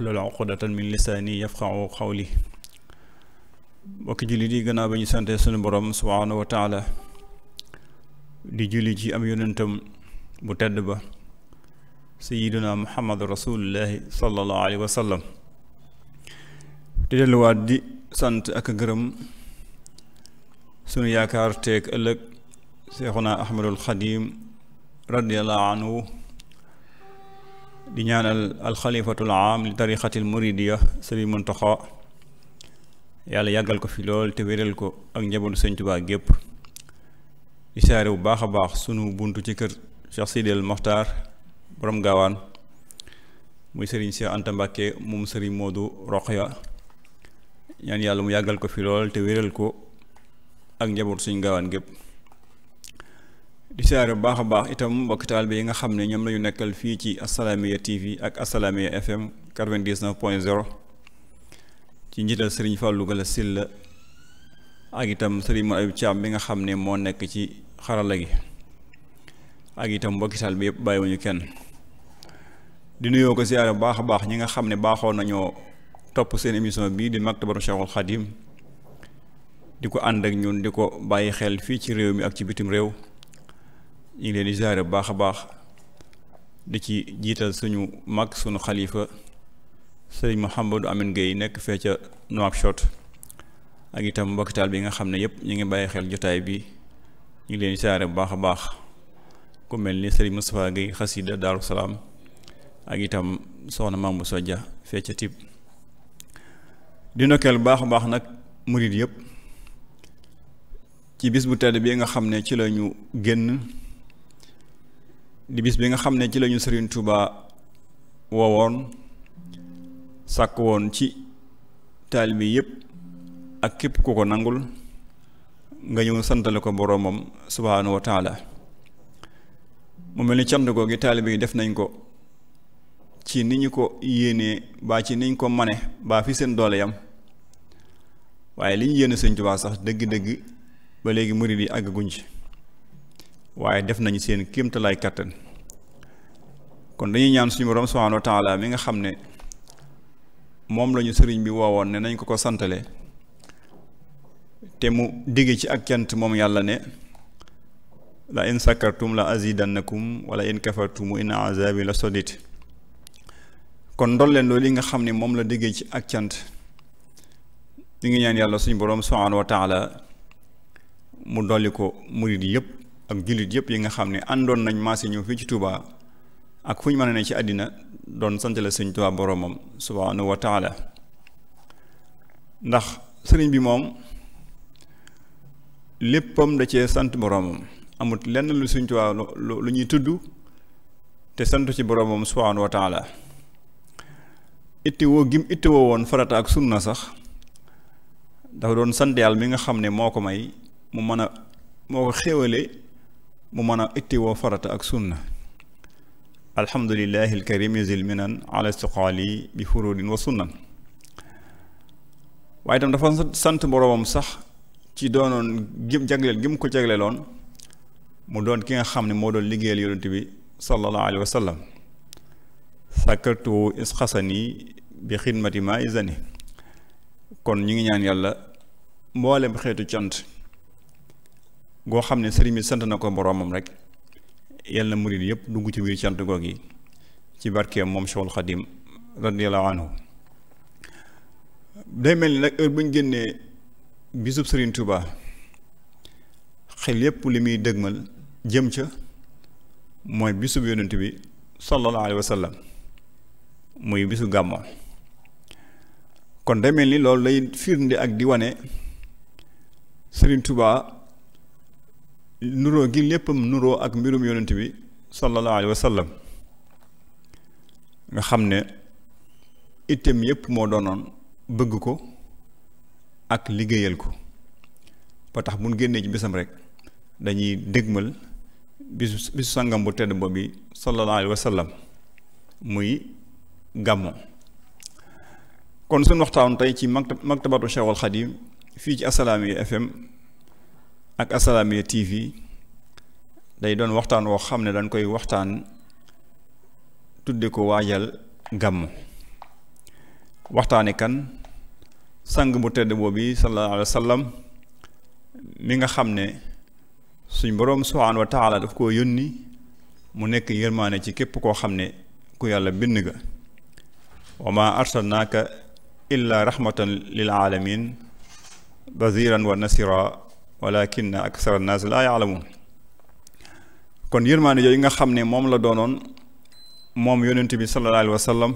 wahlul uqdatan min lisaani yafqahu qawli mbokki jullit yi gannaaw ba ñu sante sunu borom subhaanahu wa taala di julli ci am yonentam bu tedd ba sayiduna muhammad rasulullahi sallallahu alayhi wa sallam di delluwaat di sant ak gërëm sunu yaakaar teeg ëllëg seexuna ahmadul xadim radiallahu anhu di ñaanal alxalifatul am li tarixatil muridiya sëriñ Muntaxa yàlla yàggal ko fi lool te wéral ko ak njabootu sëñ Tuubaa gépp di saare bu baax a baax sunu buntu ci kër Cheikh Sidel Moxtaar boroom gaawaan muy sëriñ Cheikh Anta Mbàkke moom sëriñ Moodu Roqaya ñaan yàlla mu yàggal ko fi lool te wéral ko ak njaboot suñ gaawaan gépp di siyaare bu baax a baax itam mbokkitaal bi nga xam ne ñoom la ñu nekkal fii ci Assalaamy TV ak Assalaamy FM 99 point 0 ci njiital sëriñ Fallou Gala Silla ak itam sëriñ Mor Ayib Thiam bi nga xam ne moo nekk ci xarala gi ak itam mbokki taalibe yëpp bàyyiwuñu kenn di nuyoo ko siyaare bu baax a baax ñi nga xam ne baaxoo nañoo topp seen émission bii di Maktabatu Cheikhul Khadim di ko ànd ak ñun di ko bàyyi xel fii ci réew mi ak ci bitim réew. ñu ngi leen di bu baax a baax di ci jiital suñu mag suñu xalifa sëriñ Mouhamadou Amine Gueye nekk fee ca Nouakchott ak itam mbokkitaal bi nga xam ne yëpp ñu ngi bàyyi xel jotaay bi ñu ngi leen di bu baax a baax ku mel ni sëriñ Moustapha Gueye xasida Daaru Salaam ak itam soxna Mambu Sodia fee ca Tib di ndokkeel baax a baax nag murid yëpp ci bis bu tedd bi nga xam ne ci lañu génn di bi nga xam ne ci lañu Sëriñ Tuuba wowoon sàkk woon ci taalibe yépp ak képp ku ko nangul nga ñëw santale ko boroomam subhaanahu wa taala mu mel ni cant googu taalibe yi def nañ ko ci ni ñu ko yéenee baa ci niñ ko mane baa fi seen doole yam waaye li ñu yéene Sëriñ Tuuba sax dëgg-dëgg ba léegi murid yi àgg guñ ci waaye def nañu seen kéemtalaay kàttan kon dañuy ñaan suñu borom subhaanahu wa taala mi nga xam ne moom lañu sëriñ bi woowoon ne nañ ko ko santale te mu digg ci ak cant moom yàlla ne la in sakartum la azidannakum wala in kafartum in azabi la sodit kon ndolleen loolu yi nga xam ne moom la déggee ci ak cant ñu ngi ñaan yàlla suñu boroom subhaanahu wa taala mu dolli ko murid yépp ak jullit yëpp yi nga xam ne àndoon nañ maase ñëw fii ci Touba ak fu ñu mën a ne ci àddina doon sant la sëñ Touba boroomam subhaanahu wa taala ndax sëriñ bi moom léppam da cee sant boroomam amut lenn lu sëñ Touba lu ñuy tudd te santu ci boroomam subhaanahu wa taala itti woo gim itti woon farata ak na sax dafa doon sant yàlla mi nga xam ne moo ko may mu mën a moo ko xéwale mu mën a ittiwoo farata ak sunna alhamdulillahi alkarim yusil minan ala istiqaali bi furudin wa sunnan waaye itam dafa sant boroomam sax ci doonoon gim jagleel gim ko jagleeloon mu doon ki nga xam ne moo doon liggéeyal yonent bi sallallahu alayhi wa sallam sakartu isxasani bi xidmati ma isani kon ñu ngi ñaan yàlla mboolem xeetu cant goo xam ne sëriñ bi sant na ko boroomam rek yàlla na murid yëpp dugg ci biir cant goog yi ci barkeem moom Cheikhul Khadim radiyallahu anhu day mel ni nag heure bu ñu génnee bisub Serigne Touba xel yépp li muy dëgmal jëm ca mooy bisub yonent bi sallallahu alayhi wa muy bisu gàmmo kon day ni loolu lay firnde ak di wane Serigne Touba nuroo gi léppam nuroo ak mbirum yonent bi sallallahu alayhi nga xam ne itam yépp moo doonoon bëgg ko ak liggéeyal ko ba tax mun génnee ci bisam rek dañuy dégmal bisu bisu sangam bu tedd boobu bi sallallahu alayhi muy gàmmo kon suñu waxtaan tey ci maktabatu Cheikh al Xadim fii ci Assalaamy FM ak Assalaamy TV day doon waxtaan woo xam ne dañ koy waxtaan tudde ko waajal gàmmu waxtaane kan sang bu tedd boobu sallallahu alayhi mi nga xam ne suñ boroom subhaanahu wa taala daf yónni mu nekk yërmaane ci képp koo xam ne ku yàlla bind nga wa ma arsalnaaka illa rahmatan lil alamin baziran wa nasira walakinna aksara naas laa yaalamuun kon yërmaande yooyu nga xam ne moom la doonoon moom yonent bi sallallahu alayhi wa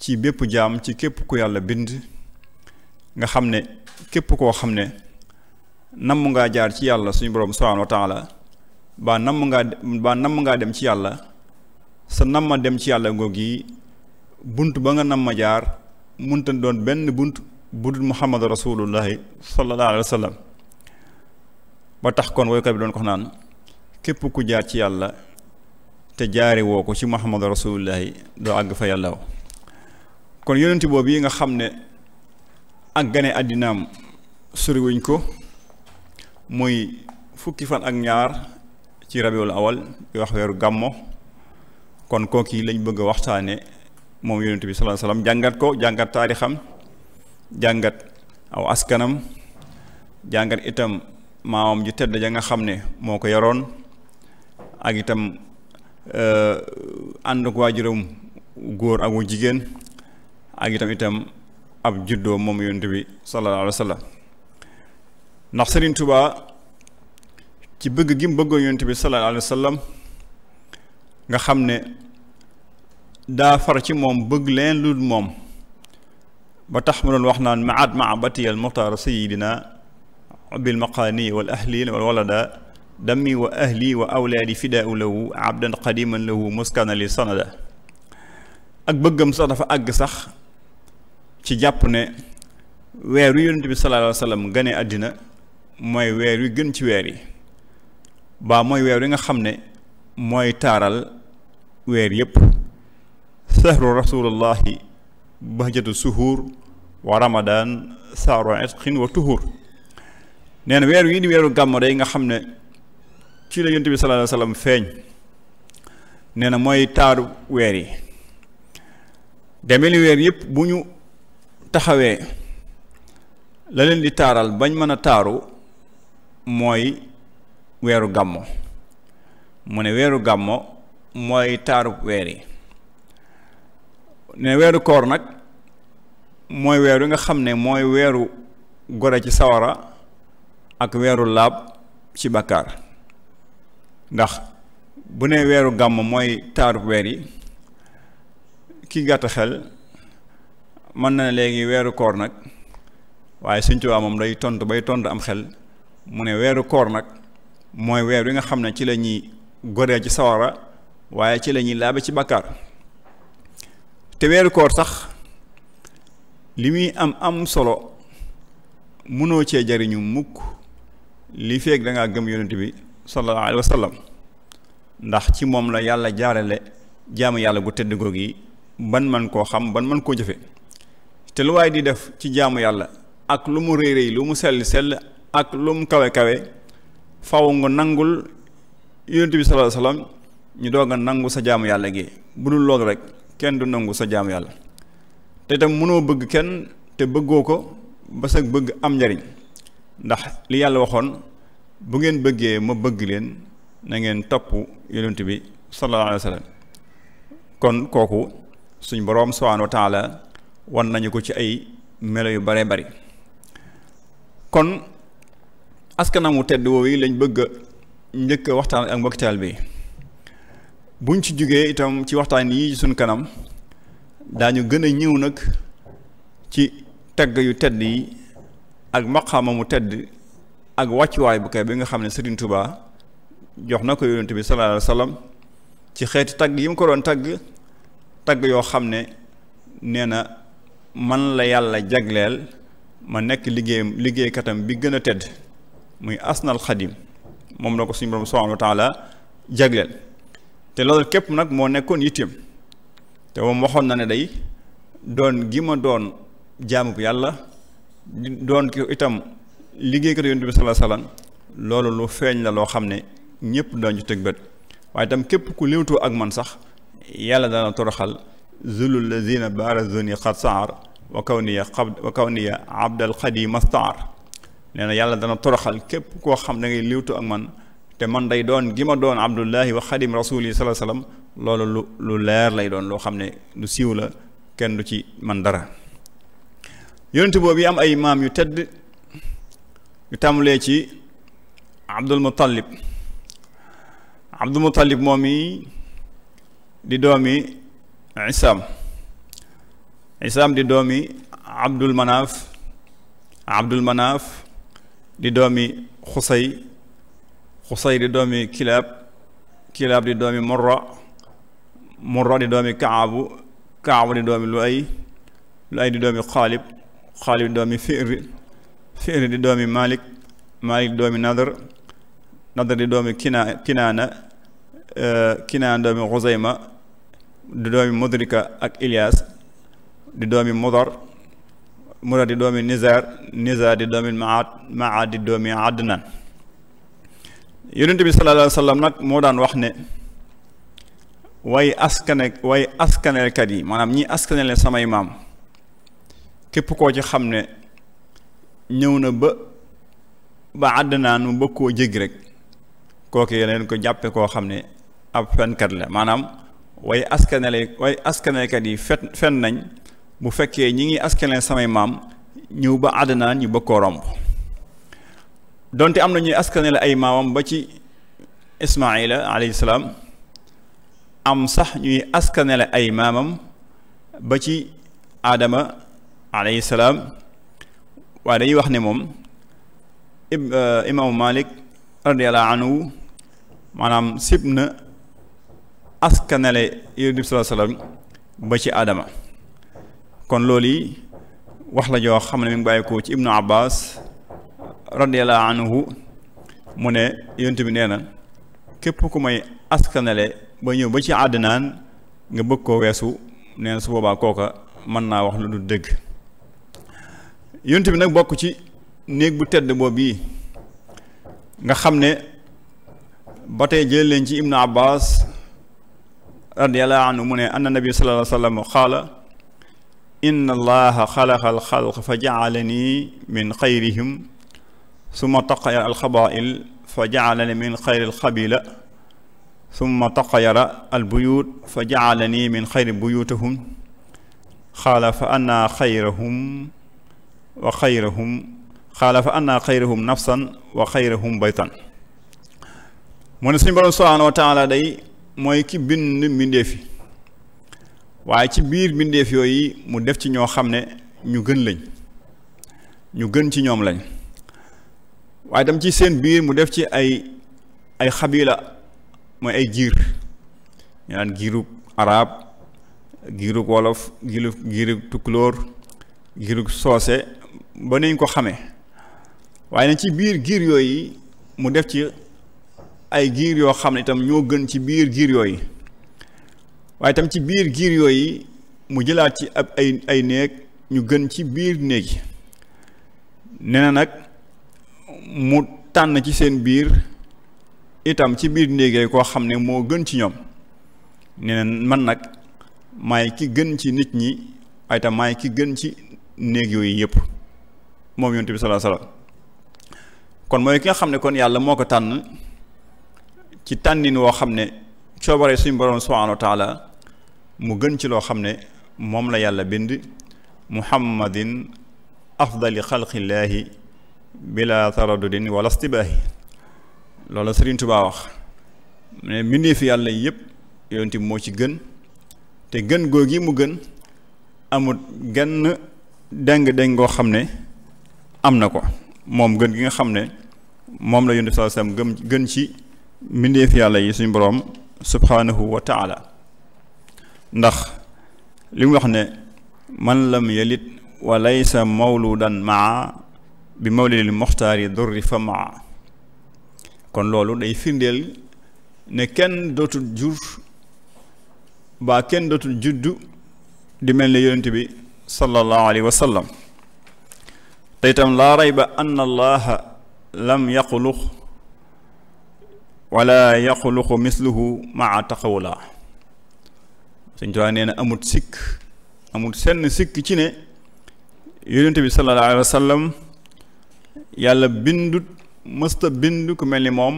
ci bépp jaam ci képp ku yàlla bind nga xam ne képp koo xam ne namm ngaa jaar ci yàlla suñu borom subhaanahu wa taala baa namm ngaa baa namm ngaa dem ci yàlla sa namma dem ci yàlla ngoog yi bunt ba nga namma jaar munta doon benn bunt budul muhammad rasulullahi sallallahu alayhi wa sallam ba tax kon woykat bi doon ko naan képp ku jaar ci yàlla te jaare woo ko ci muhammadu rasulullahi doo àgg fa yàlla kon yonent boobu yi nga xam ne ak gane àddinaam soriwuñ ko muy fukki fan ak ñaar ci rabiul awal di wax weeru gàmmo kon kooki lañ bëgg a waxtaane moom yonent bi sallallahu jàngat ko jàngat taarixam jàngat aw askanam jàngat itam maamam ju tedd ja nga xam ne moo ko yaroon ak itam euh, ànd ak waajuram góor ak wu jigéen ak itam itam ab juddoo moom yonent bi sallallahu alayhi wa ndax Sëriñ Tuubaa ci bëgg gi mu bëggoon yonent bi sallallahu alayhi wa nga xam ne daa far ci moom bëgg leen lu moom ba tax mu doon wax naan maat mahabatiyal muxtaar sayidina bilmaqaani wal ahliil wal walada dami wa ahli wa awlaadi fidaau lahu abdan qadiman lahu muskana li sanada ak bëggam sax dafa àgg sax ci jàpp ne weer wi yonent bi sallallahu àddina mooy weer gën ci weer yi ba mooy weer wi nga xam ne mooy taaral weer yépp sahru rasuulullahi bahjatu suhuur wa ramadaan saaru itqin wa tuhuur nee na weer wii weeru gàmmu day nga xam ne ci la yonent bi sallallahu alayhi sallam feeñ nee na mooy taaru weer yi demeeli weer yëpp bu ñu taxawee la leen di taaral bañ mën a taaru mooy weeru gàmmu mu ne weeru gàmmo mooy taaru weer yi ne weeru koor nag mooy weer wi nga xam ne mooy weeru gore ci sawara ak weeru laab ci bàkkaar ndax bu ne weeru gàmm mooy taaru weer yi ki gàtt xel mën na léegi weeru koor nag waaye Sëñ Tuubaa moom day tontu bay tontu am xel mu ne weeru koor nag mooy weer wi nga xam ne ci la ñuy goree ci sawara waaye ci lañuy ñuy laabe ci bàkkaar te weeru koor sax li muy am am solo mënoo cee jariñu mukk lii feeg da gëm yonent bi sallallahu alayhi wa ndax ci moom la yàlla jaarale jaamu yàlla gu tedd googu gi ban man koo xam ban man koo jëfe te lu waaye di def ci jaamu yàlla ak lu mu réy réy lu mu sell sell ak lu mu kawe kawe faw nga nangul yonent bi sallallahu alayhi ñu doog a nangu sa jaamu yàlla gi bu dul loolu rek kenn du nangu sa jaamu yàlla te itam mënoo bëgg kenn te bëggoo ko ba sa bëgg am njariñ ndax li yàlla waxoon bu ngeen bëggee ma bëgg leen na ngeen topp yonent bi sallallahu alayhi kon kooku suñ boroom subhaanahu wa taala wan nañu ko ci ay melo yu bare bari kon askanamu tedd woowu yi lañ bëgg njëkk waxtaan ak mbokkitaal bi buñ ci jógee itam ci waxtaan yi suñ kanam daañu gën a ñëw nag ci tagg yu tedd yi ak maqaama mu tedd ak wàccuwaay bu kay bi nga xam ne Serigne jox na ko yonent bi sallallahu alayhi ci xeeti tagg yi mu ko doon tagg tagg yoo xam ne nee na man la yàlla jagleel ma nekk liggéeyam liggéeykatam bi gën a tedd muy asnal xadim moom la ko suñu borom subhanahu wa jagleel te loolu képp nag moo nekkoon yitteem te moom waxoon na ne day doon gi ma doon jaamu yàlla doon ki itam liggéey yonent bi sallallahu alayhi wasallam loolu lu feeñ la loo xam ne ñëpp daañu tëg bët waaye itam képp ku léewtoo ak man sax yàlla dana toroxal zulul lazina barazuni xat saar wa kawniya xab wa kawniya abdal xadi mastaar nee na yàlla dana toroxal képp koo xam da ngay ak man te man day doon gi ma doon abdullahi wa xadim rasuli sallallahu alayhi wasallam loolu lu lu leer lay doon loo xam ne lu siiw la kenn du ci man dara yonent boobu yi am ay maam yu tëdd yu tàmbalee ci Abdul Muttalib Abdul Muttalib moom yi di doomi Isaam Isaam di doomi Abdul Manaaf Abdul Manaaf di doomi Xusay Xusay di doomi Kilaab Kilaab di doomi Murra Murra di doomi Kaabu Kaabu di doomi Luay Luay di doomi Xaalib xaalid doomi fi'ri fi'ri di doomi malik malik di doomi nadr nadr di doomi kina kinaana eh, kinaana doomi xuzayma di doomi mudrika ak ilias di doomi mudar mudar di doomi di doomi maad maad di doomi adnan yonent bi sallallahu alayhi nag moo daan wax ne way askane way askaneelkat yi maanaam ñi askanele samay maam képp koo ci xam ne ñëw na ba ba àdd naa nu bëgg koo jéggi rek kooku leen ko jàppe koo xam ne ab fenkat la maanaam way askanale way askanekat yi fen fen nañ bu fekkee ñi ngi askane samay maam ñëw ba àdd naa ñu bëgg koo romb donte am na ñuy askanale ay maamam ba ci Ismaayila alayhi salaam am sax ñuy askanale ay maamam ba ci Aadama alayhi salaam waaye dañuy wax ni moom euh, imaamu Malik radiyallahu anhu maanaam sib na askanale yonent bi sallallahu alayhi wasallam ba ci aadama kon lool yi wax la joo xam ne mi ngi bàyyi ko ci Ibnu Abbas radiyallahu anhu mu ne yonent bi nee na képp ku may askanale ba ñëw ba ci àddinaan nga bëgg koo weesu nee su boobaa kooka mën naa wax lu du dëgg yonent bi nag bokk ci néeg bu tedd boobu yi nga xam ne ba tey jëlee leen ci ibnu abbas radiallahu anhu mu ne anna nabi sallallahu alayhi wa sallam qaala inna allaha xalaqa al xalq fa jaalani min xayrihim summa taqayara al xabail fa jaalani min xayri al xabila summa taqayara al buyut fa jaalani min xayri buyutahum qaala fa anna xayrahum wa xayrahum xaala fa anna xayrahum nafsan wa xayrahum baytan mu ne suñu borom subhaanahu wa taala mooy ki bind mbindeef waaye ci biir mbindeef yooyu mu def ci ñoo xam ne ñu gën lañ ñu gën ci ñoom lañ waaye dem ci seen biir mu def ci ay ay xabila mooy ay giir ñu naan giirub arab giirub wolof giirub giirub tukulóor soose ba nañ ko xamee waaye nag ci biir giir yooyu mu def ci ay giir yoo xam ne itam ñoo gën ci biir giir yooyu waaye ci biir giir yooyu mu jëlaat ci ab ay ay néeg ñu gën ci biir néeg yi nee nag mu tànn ci seen biir itam ci biir néeg koo xam ne moo gën ci ñoom nee man nag maay ki gën ci nit ñi waaye itam maay ki gën ci néeg yooyu yëpp moom yonent bi salaa salaam kon mooy ki nga xam ne kon yàlla moo ko tànn ci tànnin woo xam ne coobaree suñu borom subhaanahu wa mu gën ci loo xam ne moom la yàlla bind muhammadin afdali xalqillaahi bila taradudin wala stibaahi loola Sëriñ Tuubaa wax ne mbindee fi yàlla yëpp yonent moo ci gën te gën googi mu gën amut genn déng déng goo xam ne am na ko moom gën gi nga xam ne moom la yonent bi sallallahu alayhi gën ci mbindeef yàlla yi suñu boroom subhanahu wa taala ndax li mu wax ne man lam yalit wa laysa mawludan maa bi mawlidil muxtaari durri fa maa kon loolu day firndeel ne kenn dootul jur baa kenn dootul juddu di mel ni yonent bi sallallahu alayhi wa sallam te itam laa rayba anna allaha lam yaxluq wala yaxluqu misluhu ma taqawla Sëñ Tuubaa nee na amut sikk amut senn sikk ci ne yonent bi sallallahu alayhi wa yàlla bindut mësta bind ku mel ni moom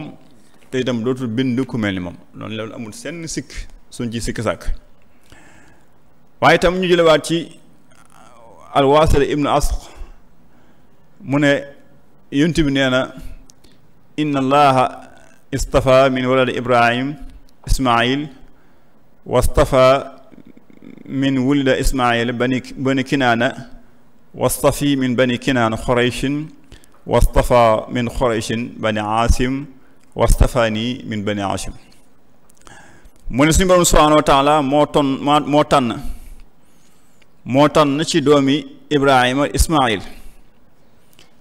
tey tam dootul bind ku mel ni moom noonu loolu amul senn sikk suñ ci sikk sàkk waaye itam ñu jëlewaat ci alwaasila ibnu asq mu ne yonent bi nee na inna allaha min walad ibrahim ismail wastafa min wulida ismail bani kinaana wastafi min bani kinaana xoraychin wastafa min xoraychin bani aasim wastafani min bani aasim mu ne suñu borom subhaanahu wa moo ton moo tànn ci doomi ibrahima ismail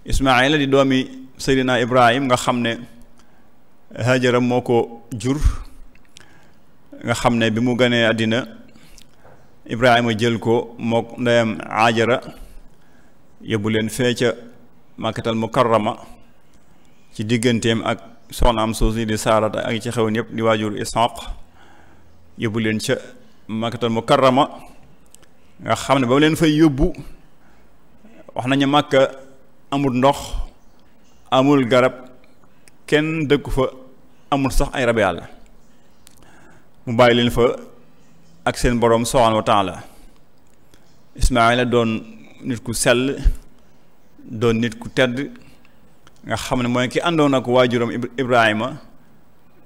Ismaayla di doomi Seydina Ibrahim nga xam ne Hajara moo ko jur nga xam ne bi mu gënee àddina Ibrahima jël ko mook ndeyam Hajara yóbbu leen fee ca Makkatal Mukarrama ci digganteem ak soxnaam soosu di Saarata ak ci xewoon yëpp di waajur Isaaq yóbbu leen ca Makkatal Mukarrama nga xam ne ba mu leen fay yóbbu wax nañu Makka amul ndox amul garab kenn dëkku fa amul sax ay rabe yàlla mu bàyyi leen fa ak seen boroom subhaanahu wa taala Ismaayla doon nit ku sell doon nit ku tedd nga xam ne mooy ki àndoon ak waajuram Ibrahima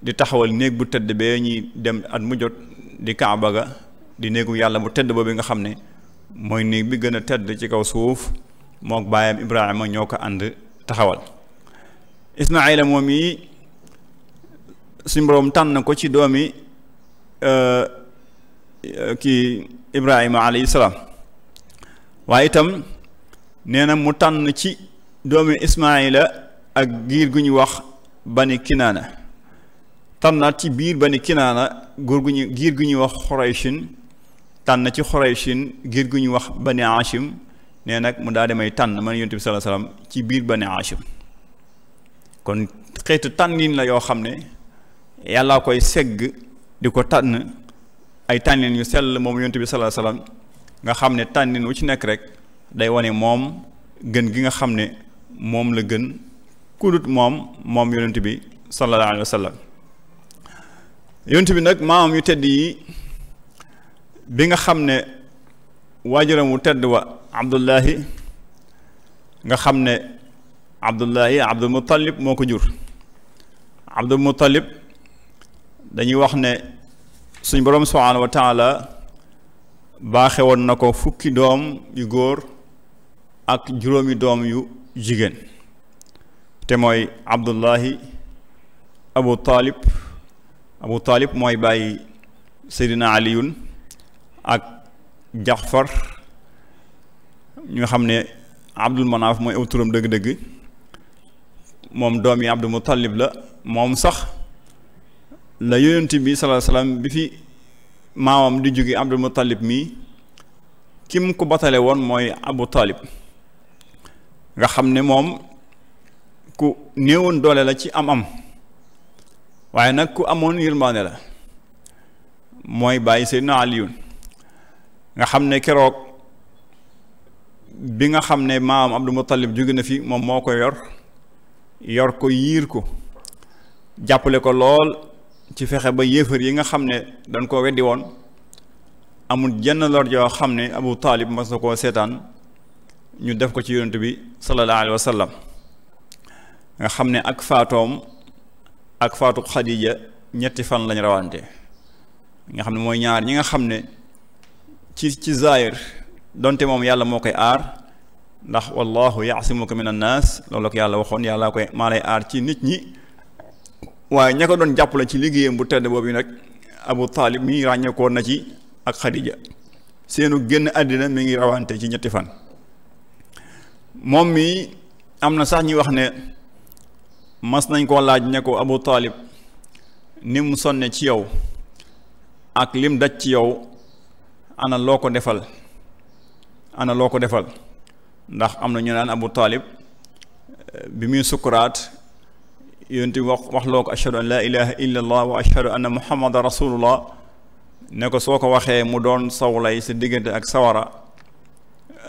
di taxawal néeg bu tedd bee ñuy dem at mu jot di Kaaba ga di néegu yàlla bu tedd bi nga xam ne mooy néeg bi gën a tedd ci kaw suuf mook baayam Ibrahima ñoo ko ànd taxawal Ismaayila moom yi suñ boroom tànn ko ci doomi euh, kii Ibrahima alayhi salaam waaye itam nee na mu tànn ci doomi Ismaayila ak giir gu ñu wax bani kinaana tànnaat ci biir bani kinaana góor gu ñu giir gu ñuy wax xoraysin tànn ci xoraysin giir gu ñu wax bani Hashim nee nag mu daa demay tànn man yonent bi sallallahu alayhi wasallam ci biir bani Hashim kon xeetu tànnin la yoo xam ne yàlla koy segg di ko tànn ay tànnin yu sell moom yont bi sallallahu alayhi nga xam ne tànnin wu ci nekk rek day wane moom gën gi nga xam ne moom la gën kudut moom moom yonent bi sallallahu alayhi wasallam bi nag maam yu tedd yi bi nga xam ne waajuramu tedd wa abdullahi nga xam ne abdullahi abdul moo ko jur abdul muttalib dañuy wax ne suñ boroom subhaanahu wa taala baaxe woon na ko fukki doom yu góor ak juróomi doom yu jigéen te mooy abdullahi abu taalib abu taalib mooy bàyyi seydina aliyun ak Jaxfar ñu nga xam ne Abdul Manaaf mooy aw turam dëgg-dëgg moom doom yi Abdul Muttalib la moom sax la yonent bi sallallahu alayhi wasallam bi fi maamam di jóge Abdul Muttalib mii kim ku batale woon mooy Abu Talib nga xam ne moom ku néewoon doole la ci am-am waaye nag ku amoon yërmaande la mooy bàyyi Seydina Aliyun nga xam ne keroog bi nga xam ne maam Abdou Muttalib jóge na fi moom moo ko yor yor ko yiir ko jàppale ko lool ci fexe ba yéefar yi nga xam ne dañ koo weddi woon amul jenn lor joo xam ne Abu Taalib mas na koo seetaan ñu def ko ci yonent bi sallallahu alayhi nga xam ne ak faatoom ak faatu Xadiija ñetti fan lañ rawante nga xam ne mooy ñaar ñi nga xam ne ci ci zaahir donte moom yàlla moo koy aar ndax wallahu yaasimuka min annaas loolu ko yàlla waxoon yàlla koy maa lay aar ci nit ñi waaye ña ko doon jàppale ci liggéeyam bu tedd boobu nag abu taalib mi ràññeekoon na ci ak seenu génn àddina mi ngi rawante ci ñetti fan moom mi am na sax ñi wax ne mas nañ koo laaj ne ko abu taalib ni mu sonne ci yow ak lim daj ci yow ana loo ko defal ana loo ko defal ndax am na ñu naan Abu Taalib eh, bi muy sukkuraat yonent bi wax wax loo ko ashhadu an laa ilaha illa allah wa ashhadu anna muhammadan rasulullah ne ko soo ko waxee mu doon sawlay sa diggante ak sawara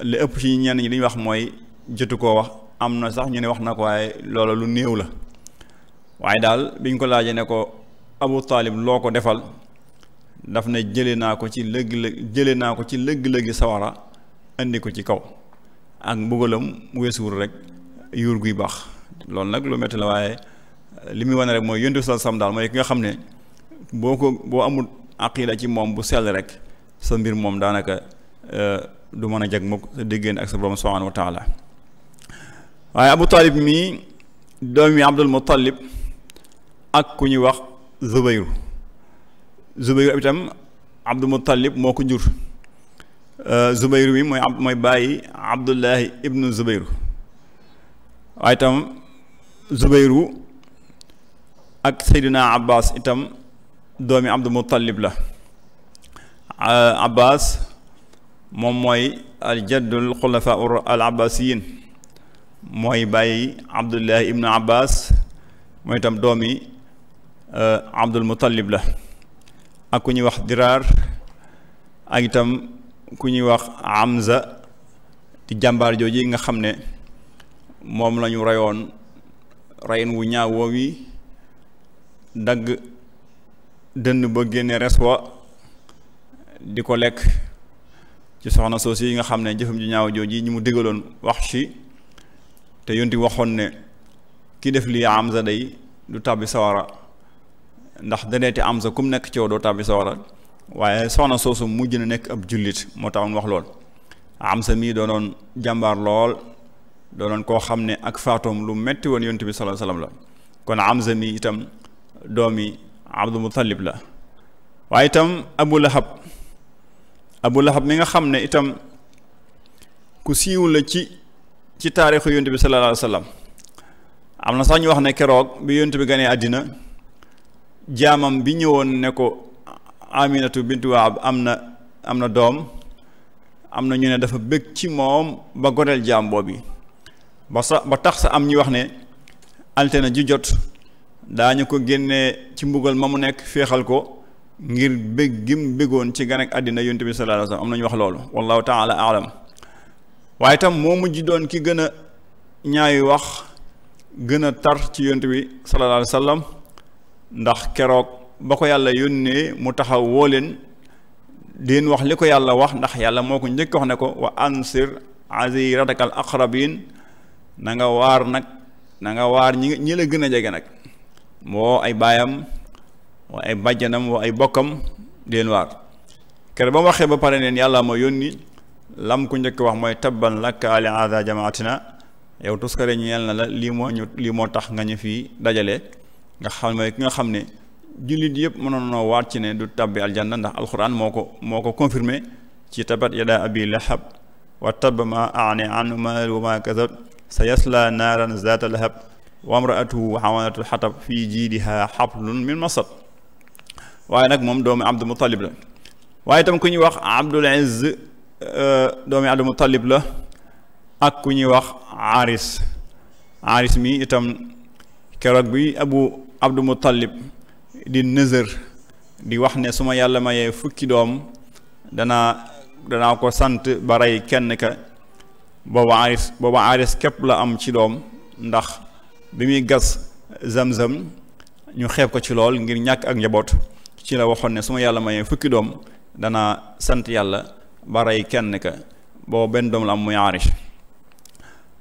li ëpp ci ñenn ñi li ñu wax mooy jëtu koo wax am na sax ñu ne wax na ko waaye loola lu néew la waaye daal biñ ko laajee ne ko Abu Taalib loo ko defal daf ne jële naa ko ci lëgg jële naa ko ci lëgg-lëggi sawara indi ko ci kaw ak mbugalam weesuwul rek yuur guy baax loolu nag lu metti la waaye li muy wane rek mooy yontu sa sam daal mooy ki nga xam ne boo ko boo amul aqida ci moom bu sell rek sa mbir moom daanaka euh, du mën a jag mukk sa diggéen ak sa borom subhanahu wa taala waaye Abu Talib mii doomi Abdul Muttalib ak ku ñuy wax Zubayru Zubayr itam Abdul Muttalib moo ko jur euh, Zubayr bi mooy mooy bàyyi Abdullahi ibnu Zubayru waaye itam Zubayru ak Seydina Abbas itam doomi Abdul Muttalib la euh, Abbas moom mooy aljaddul xulafa al abbasiyin mooy bàyyi Abdullahi ibnu Abbas mooy itam doomi euh, Abdul Muttalib la ak ku ñuy wax diraar ak itam ku ñuy wax Hamza di jàmbaar jooji nga xam ne moom lañu reyoon reyin wu ñaaw woow dagg dënn ba génne res di ko lekk ci soxna soosi yi nga xam ne jëfam ju ñaaw jooji ñi mu digaloon wax ci te yonti waxoon ne ki def lii Hamza day du tàbbi sawara ndax daneeti am sa mu nekk ci yow doo tàbbi sa waral waaye soxna soosu mu mujj na nekk ab jullit moo taxoon wax lool am sa mii doonoon jàmbaar lool doonoon koo xam ne ak faatoom lu metti woon bi sallallahu alayhi wasallam la kon am sa mii itam doomi Abdul Muttalib la waaye itam Abu Lahab Abu Lahab mi nga xam ne itam ku siiw la ci ci taarixu yontu bi sallallahu am na sax ñu wax ne keroog bi yontu bi ganee àddina jaamam bi ñëwoon ne ko Aminatu bintu am na am na doom am na ñu ne dafa bëgg ci moom ba goreel jaam boobu ba sa ba tax sa am ñu wax ne altine ji jot daañu ko génne ci mbugal ma mu nekk féexal ko ngir bëgg gim bëggoon ci gan ak àddina yonent bi sallallahu am na ñu wax loolu wallahu taala alam waaye tam moo mujj doon ki gën a ñaayu wax gën a tar ci yonent bi sallallahu alayhi wasallam ndax keroog ba ko yàlla yónnee mu taxaw woo leen deen wax li ko yàlla wax ndax yàlla moo ko njëkk wax ne ko wa ansir aziratakal aqrabin na nga waar nag nanga nga waar ñi ñi la gën a jege nag moo ay baayam woo ay bàjjanam woo ay bokkam deen waar kere ba mu waxee ba pare neen yàlla ma yónni lam ku njëkk wax mooy tabban lakka ali aza jamaatina yow tuskare ñeel na la lii moo ñu lii moo tax nga ñu fi dajale nga xam mooy ki nga xam ne jullit yëpp mënoon noo waat ci ne du tabbi aljanna ndax alquran moo ko moo ko confirmé ci tabat yada abi lahab wa tab ma aane an mal wa ma kasab sa yasla naaran zata lahab wa amraatuhu xawaanatul xatab fii jiidiha xablun min masad waaye nag moom doomi abdul muttalib la waaye itam ku ñuy wax abdul izz euh, doomi abdul muttalib la ak ku ñuy wax aris aris mi itam keroog bi abu Abdou Muttalib di nëzër di wax ne su ma yàlla mayee fukki doom danaa danaa ko sant ba rey kenn ka booba aaris booba aaris képp la am ci doom ndax bi muy gas zam-zam ñu xeeb ko ci lool ngir ñàkk ak njaboot ci la waxoon ne su ma yàlla mayee fukki doom dana sant yàlla ba rey kenn ka booba benn doom la am muy aaris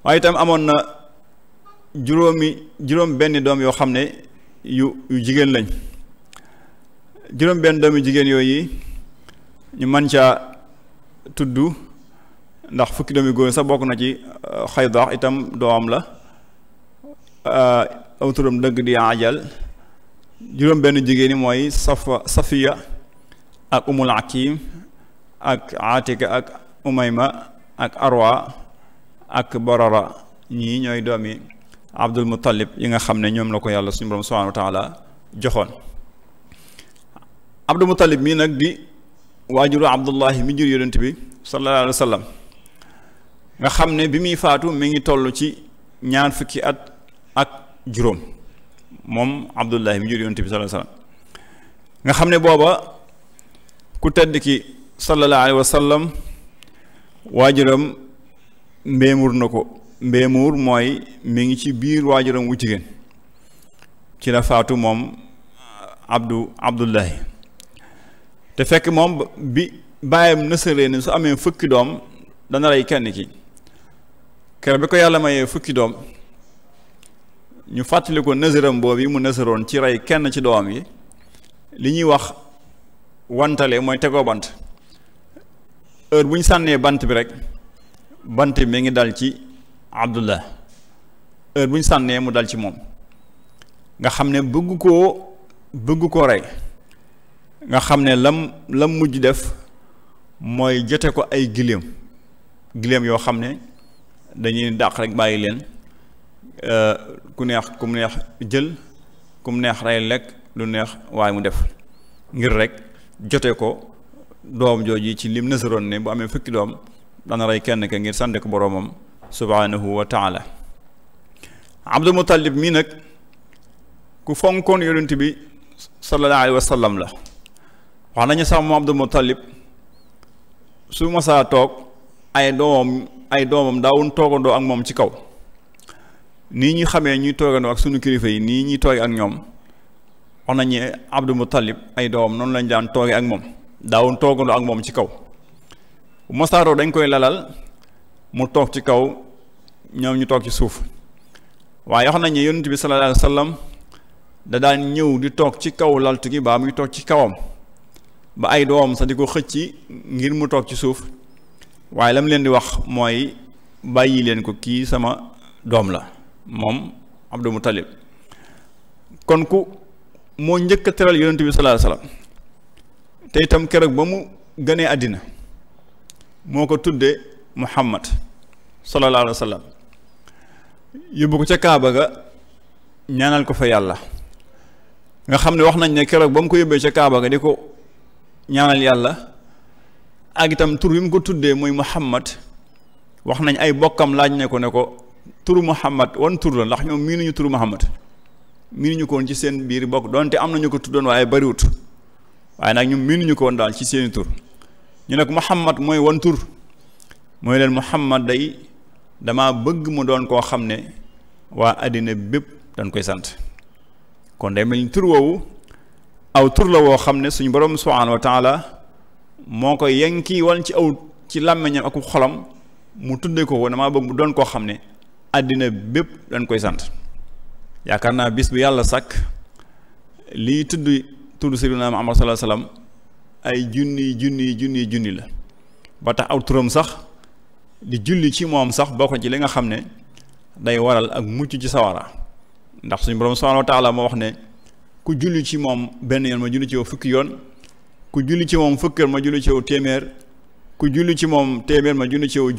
waaye itam amoon na juróomi juróom benn doom yoo xam ne yu yu jigéen lañ juróom benn doomi jigéen yooyu ñu man caa tudd ndax fukki doomi góor sax bokk na ci euh, xaydaax itam doom la euh, aw turam dëgg di ajal juróom benn jigéen yi mooy safa safiya ak umul ak atika ak umayma ak arwa ak barara ñii ñooy doomi abdul muttalib yi nga xam ne ñoom na ko yàlla suñu borom subhanahu wa taala joxoon abdul muttalib mii nag di waajuru abdullahi mi jur yonent bi sallallahu alayhi sallam nga xam ne bi muy faatu mi ngi toll ci ñaar fukki at ak juróom moom abdullahi mi bi sallallahu alayhi nga xam ne booba ku tedd ki sallallahu alayhi wa sallam waajuram mbéemur na ko mbéemuur mooy mi ngi ci biir waajuram wu jigéen ci la faatu moom ah, abdu abdullahi te fekk moom bi bàyyam nësalee ne su amee fukki doom dana rey kenn ki kere bi ko yàlla mayee fukki doom ñu fàttali ko nësaram boobu yi mu nësaroon ci rey kenn ci doom yi li ñuy wax wantale mooy tegoo bant heure bu ñu sànnee bant bi rek bant bi mi ngi dal ci abdullah heure bu ñu sànnee mu dal ci moom nga xam ne bëgg koo bëgg koo rey nga xam ne lam lam mujj def mooy jote ko ay giléem giléem yoo xam ne dañuy dàq rek bàyyi leen euh, ku neex ku mu neex jël ku neex rey lekk lu neex waaye mu def ngir rek jote ko doom jooju ci lim nasaroon ne bu amee fukki doom dana rey kenn ke ngir sànde ko boroomam subhaanahu wa taala abdul muttalib mii nag ku fonkoon yonent bi sallallahu alayhi wa sallam la wax nañu sax moom abdul muttalib su masaa toog ay doomam ay doomam daawun toogandoo ak moom ci kaw nii ñu xamee ñuy toogandoo ak sunu kilifa yi nii ñuy tooge ak ñoom wax nañu abdul muttalib ay doomam noonu lañ daan tooge ak moom daawul toogandoo ak moom ci kaw masaa toog dañ koy lalal mu toog ci kaw ñoom ñu toog ci suuf waaye wax nañu yonent bi sallallahu alayhi wa da daan ñëw di toog ci kaw laltu gi baa muy toog ci kawam ba ay doom sax di ko xëcci ngir mu toog ci suuf waaye la mu leen di wax mooy bàyyi leen ko kii sama doom la moom Abdul Muttalib kon ku moo njëkk a teral yonent bi sallallahu alayhi wa sallam te itam ba mu gënee àddina moo ko tudde muhammad sallallahu alayhi wa sallam yóbbu ko ca kaaba ga ñaanal ko fa yàlla nga xam ne wax nañ ne keroog ba mu ko yóbbee ca kaaba ga di ko ñaanal yàlla ak itam tur bi mu ko tuddee muy muhammad wax nañ ay bokkam laaj ne ko ne ko turu muhammad wan tur la ndax ñoom miinu ñu tur muhammad miinuñu ko woon ci seen biir bokk donte am nañu ko tuddoon waaye bariwut waaye nag ñun miinuñu woon daal ci seeni tur ñu ne muhammad mooy wan tur mooy leen Muhammad dey dama bëgg mu doon koo xam ne waa àddina bépp dañ koy sant kon day mel tur woowu aw tur la woo xam ne suñu borom subhaanahu wa taala moo ko yenki wal ci aw ci làmmiñam ak xolam mu tudde ko dama bëgg mu doon koo xam ne àddina bépp dañ koy sant yaakaar naa bis bi yàlla sàkk lii tudd tudd sayyidina Muhammad sallallahu alayhi wasallam ay junni junni junni junni la ba tax aw turam sax di julli ci moom sax bokk ci li nga xam ne day waral ak mucc ci sawara ndax suñu borom subhaanahu wa taala moo wax ne ku julli ci moom benn yoon ma julli ci yow fukki yoon ku julli ci moom ma julli ci téeméer ku julli ci moom téeméer ma julli ci yow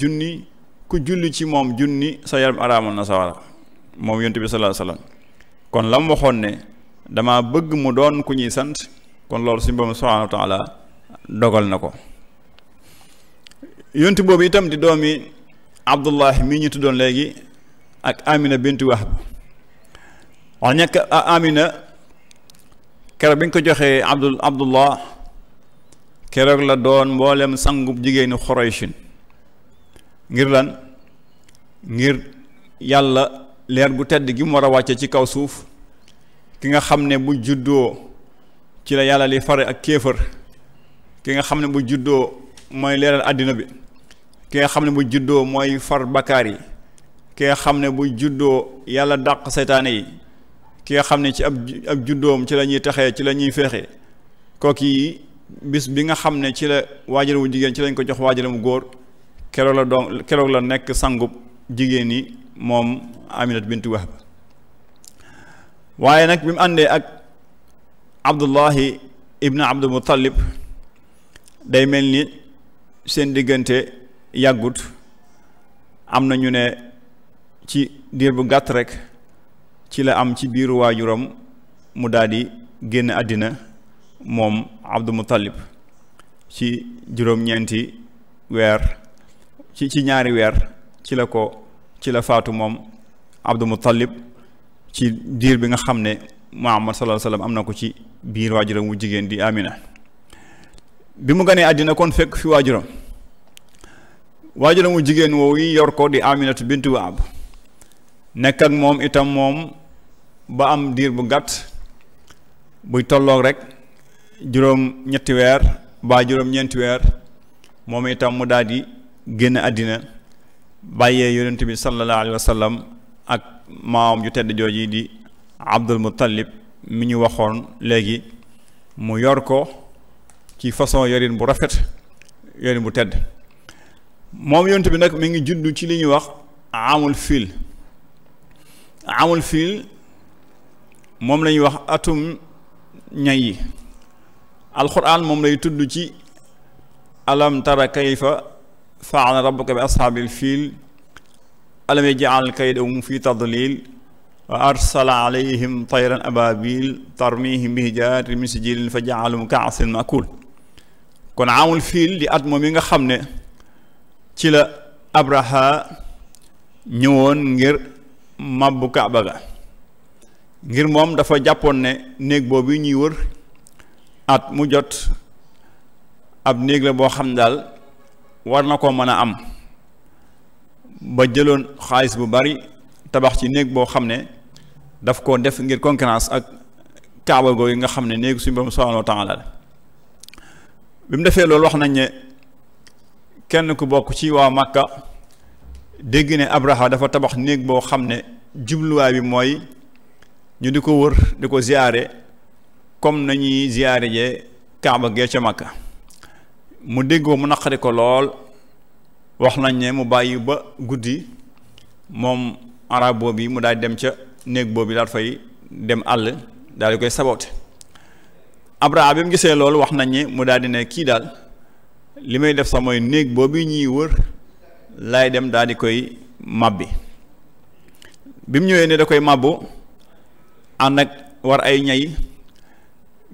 ku julli ci moom junni sa yaram araamal na sawara moom yonent bi sallallahu kon lam waxoon ne dama bëgg mu doon ku ñuy sant kon loolu suñu borom subhaanahu wa taala dogal na ko yonti boobu itam di doomi abdullah mi ñu tuddoon léegi ak amina bintu wahb wax ñekk amina keroog bi ñu ko joxee abdul abdullah keroog la doon mboolem sangub jigéenu xoraysin ngir lan ngir yàlla leer bu tedd gi mu war a wàcce ci kaw suuf ki nga xam ne bu juddoo ci la yàlla li fare ak kéefër ki nga xam ne bu juddoo mooy leeral àddina bi ki nga xam ne bu juddoo mooy far bakkaar yi ki nga xam ne bu juddoo yàlla dàq seytaane yi ki nga xam ne ci ab juddoom ci la ñuy taxee ci la ñuy feexee kooku yi bis bi nga xam ne ci la waajuramu jigéen ci lañ ko jox mu góor keroog la doom keroog la nekk sangub jigéen ñi moom Aminat bint Wahb waaye nag bi mu àndee ak Abdullahi ibn Abdul Muttalib day mel ni seen diggante yàggut am na ñu ne ci diir bu gàtt rekk ci la am ci biiru waajuram mu daldi di génn àddina moom Abdul Muttalib ci juróom-ñeenti weer ci ci ñaari weer ci la ko ci la faatu moom Abdul Muttalib ci diir bi nga xam ne Muhammad sallallahu alayhi wa sallam am na ko ci biir waajuram wu jigéen di Amina bi mu ganee àddina kon fekk fi waajuram waajuramu jigéen woowu yi yor ko di Aminatu bintu Wahab nekk ak moom itam moom ba am diir bu gàtt buy tolloog rek juróom ñetti weer ba juróom ñeenti weer moom itam mu daldi génn àddina bàyyee yonent bi sallallahu alayhi wa sallam ak maam ju tedd jooji di Abdul Muttalib mi ñu waxoon léegi mu yor ko ci façon yorin bu rafet yorin bu tedd moom yonent bi nag mi ngi judd ci li ñuy wax amul fiil amul fiil moom lañuy wax atum ñay yi alxuraan moom lay tudd ci alam tara kayfa faala rabbuka bi ashaabil fiil alam yaj'al kaydahum fi tadlil wa arsala alayhim tayran ababil tarmihim bihijaarin min sijilin fa ja'alahum ka'asin ma'kul kon amul fiil di at moom yi nga xam ne ci la abraha ñëwoon ngir màbbu kaaba ga ngir moom dafa jàppoon ne néeg boobu ñuy wër at mu jot ab néeg la boo xam ne daal war na ko mën a am ba jëloon xaalis bu bari tabax ci néeg boo xam ne daf ko def ngir concurrence ak kaaba googu nga xam ne néegu suñu borom subhaanahu wa taala bi mu defee loolu wax nañ ne kenn ku bokk ci waa Makka dégg ne Abraha dafa tabax néeg boo xam ne jubluwaay bi mooy ñu di ko wër di ko ziyaare comme nañuy ziyaare jee Kaaba gee ca Makka mu déggoo mu naqari ko lool wax nañ ne mu bàyyi ba guddi moom arab boobu mu daal dem ca néeg boobu daal fay dem àll daal di koy saboote Abraha bi mu gisee loolu wax nañ ni mu daal ne kii daal li may def sax mooy néeg boobu ñuy wër lay dem daal koy màbbi bi mu ñëwee ne da koy màbbu ànd ak war ay ñay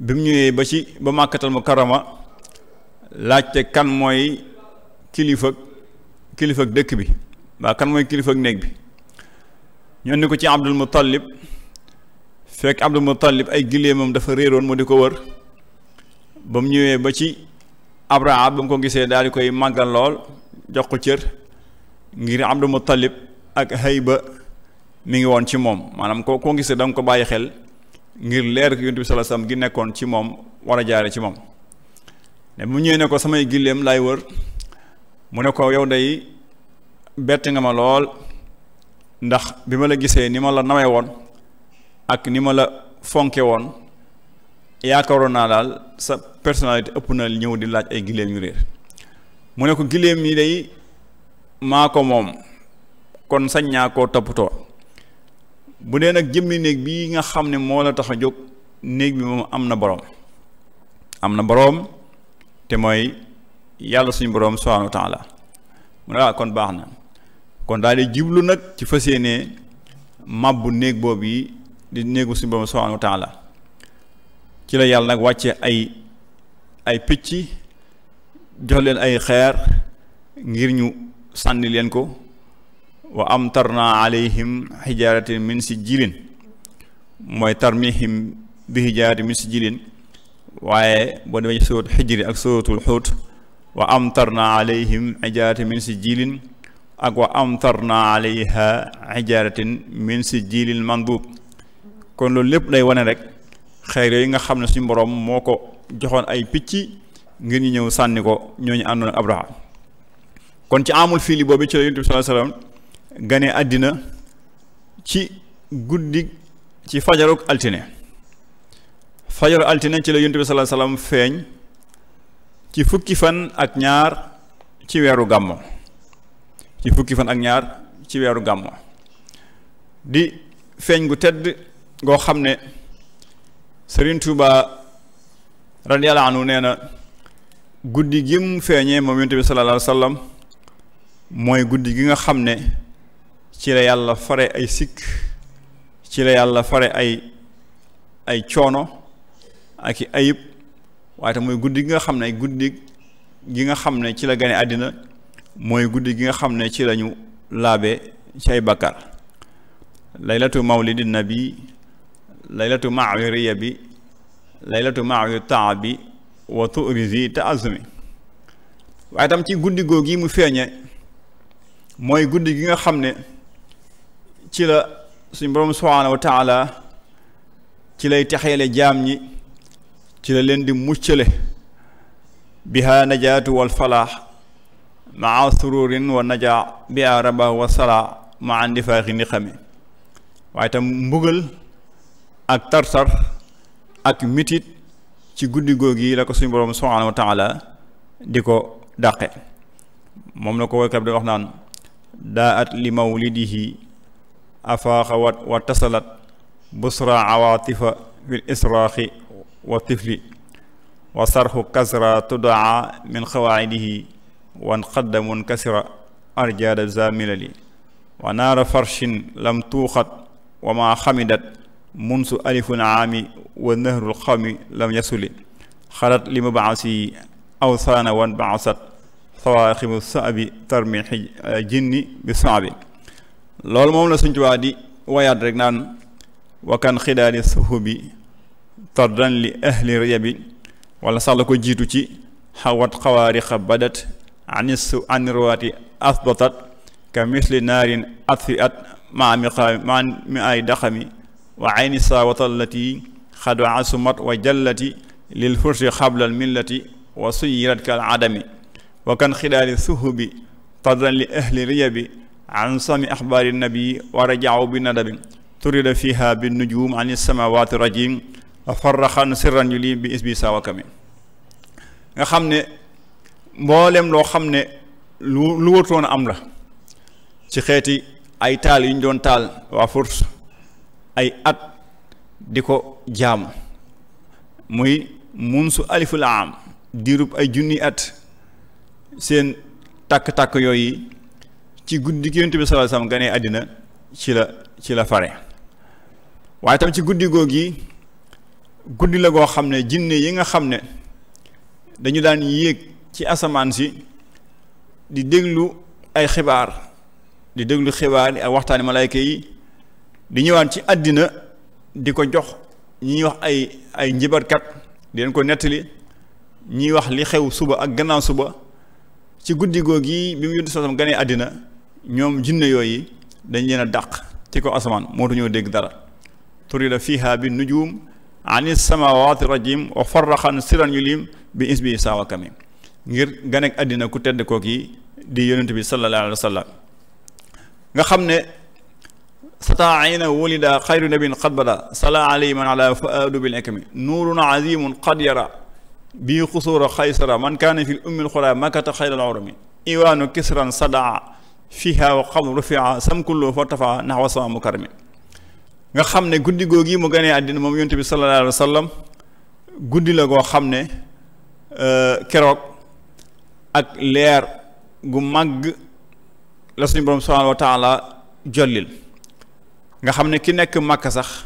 bi mu ñëwee ba ci ba màkkatal mu karama laajte kan mooy kilifa kilifa dëkk bi waa kan mooy kilifa néeg bi ñu indi ko ci Abdul Muttalib fekk Abdul Muttalib ay gileemam dafa réeroon mu di ko wër ba mu ñëwee ba ci Abraha ba mu ko gisee daal di koy màggal lool jox ko cër ngir ma talib ak Hayba mu ngi woon ci moom maanaam ko ko gisee da ko bàyyi xel ngir leer Yonent bi sallallahu alayhi gi nekkoon ci moom war a jaare ci moom ne mu ñëwee ne ko samay gilleem laay wër mu ne ko yow day bett nga ma lool ndax bi ma la gisee ni ma la nawee woon ak ni ma la fonke woon yaakaaroon naa daal sa personnalité ëpp na ñëw di laaj ay gileem yu réer mu ne ko gileem yi day maa ko moom kon sañ naa koo toppatoo bu dee nag jëmmi néeg bi nga xam ne moo la tax a jóg néeg bi moom am na boroom am na boroom te mooy yàlla suñu boroom subhaanahu wa taala mu ne waaw ah, kon baax na kon daal di jiblu nag ci fas yéenee màbbu néeg boobu yi di néegu suñu boroom subhaanahu wa la ci la yàlla nag wàcce ay ay picc jox leen ay xeer ngir ñu sànni leen ko wa amtarna alayhim xijaratin min sijilin mooy tarmihim bi xijaratin min sijilin waaye boo demee ci surat xijri ak suratul xuut wa amtarna alayhim xijaratin min sijilin ak wa amtarna alayha xijaratin min sijilin mandub kon loolu lépp day wane rek xeer yi nga xam ne suñu mboroom moo ko joxoon ay picc ngir ñi ñëw sànni ko ñooñu àndoon ak kon ci amul fiili boobu ci la yonent bi sallallahu alayhi wasallam gane àddina ci guddi ci fajaruk altine fajaru altine ci la yonent bi feeñ ci fukki fan ak ñaar ci weeru gàmmo ci fukki fan ak ñaar ci weeru gàmmo di feeñ gu tedd goo xam ne Sëriñ Tuuba radiyallahu anhu nee na guddi gi mu feeñee moom yonent bi sallallahu alayhi wa sallam mooy guddi gi nga xam ne ci la yàlla fare ay sikk ci la yàlla fare ay ay coono ak i ayib waaye mooy guddi gi nga xam ne guddi gi nga xam ne ci la gane àddina mooy guddi gi nga xam ne ci lañu laabe ci ay bàkkaar laylatu mawlidin nabi laylatu maawi riya bi laylatu maawi taa bi wa turisi te azumi waaye tam ci guddi googu yi mu feeñe mooy guddi gi nga xam ne ci la suñ borom subhaanahu wa taala ci lay texeele jaam yi ci la leen di muccale biha najaatu wal falaax maa sururin wa najaa biha rabaa wa salaa maa ndifaaxi ni xame waaye tam mbugal ak tartar ak mitit ci guddi googu yi la ko suñu borom subhaanahu wa di ko dàqe moom la ko woykat bi wax naan daa at li mawlidihi afaaxawat wa busra awaatifa fil israaxi wa tifli wa sarxu kasra tudaa min xawaayidihi wan xadda mun arjaada zamilali wa naara farshin lam tuuxat wa ma xamidat munsu alifun aami wa nahrul xawmi lam yasuli xarat li mu baasi aw wan baasat sawaaximu saabi tarmi jinni bi saabi loolu moom la suñ di wayaat rek naan wakan xidaali suhubi tardan li ahli rajabi wala sax la ko jiitu ci xawat xawaarixa badat anisu anirwaati asbatat ka misli naarin atfi at maa mi xaami maa mi ay daxami wa ayni saawata allati xad asumat wa jallati lil fursi xabla al millati wa suyirat kal adami wa kan xidaali suhubi tadran li ahli riyabi an sami axbaari nabi wa rajaaw bi nadabi turida fiha bi nujum loo xam ne am la ci xeeti ay taal yu doon taal waa furs ay at di ko jaamu muy munsu aliful am diirub ay junni at seen takk takk yooyu ci guddi gi yonent bi sallallahu alayhi wasallam àddina ci la ci la fare waaye tam ci guddi googi guddi la goo xam ne jinne yi nga xam ne dañu daan yéeg ci asamaan si di déglu ay xibaar di déglu xibaar yi ak waxtaani malayka yi di ñëwaat ci àddina di ko jox ñi ñuy wax ay ay njibarkat di ko nettali ñiy wax li xew suba ak gannaaw suba ci guddi googu yi bi mu yónni sasam ganee àddina ñoom jinne yooyu dañ leen a dàq ci ko asamaan mootu ñoo dégg dara la fiha bi nujum ani samawati rajim wa farraxan siran yulim bi isbi saawakami ngir ganek àddina ku tedd kook yi di yonent bi sallallahu alayhi wa sallam nga xam ne stataina wulida xayru nabin xad bada sala aley man ala faadu bil ekami nuurun azimun xad yara bii xusuura xaysara man kaana fi l ummil xura makkata xayral orami iwaanu kisran sadaa fiha wa xabl rufia samkullu fa tafa naxwa sama mukarami nga xam ne guddi googi mu gënee àddina moom yonent bi sallallahu alayhi wa guddi la goo xam ne euh, keroog ak leer gu màgg la suñu borom subhanahu wa jollil nga xam ne ki nekk Makka sax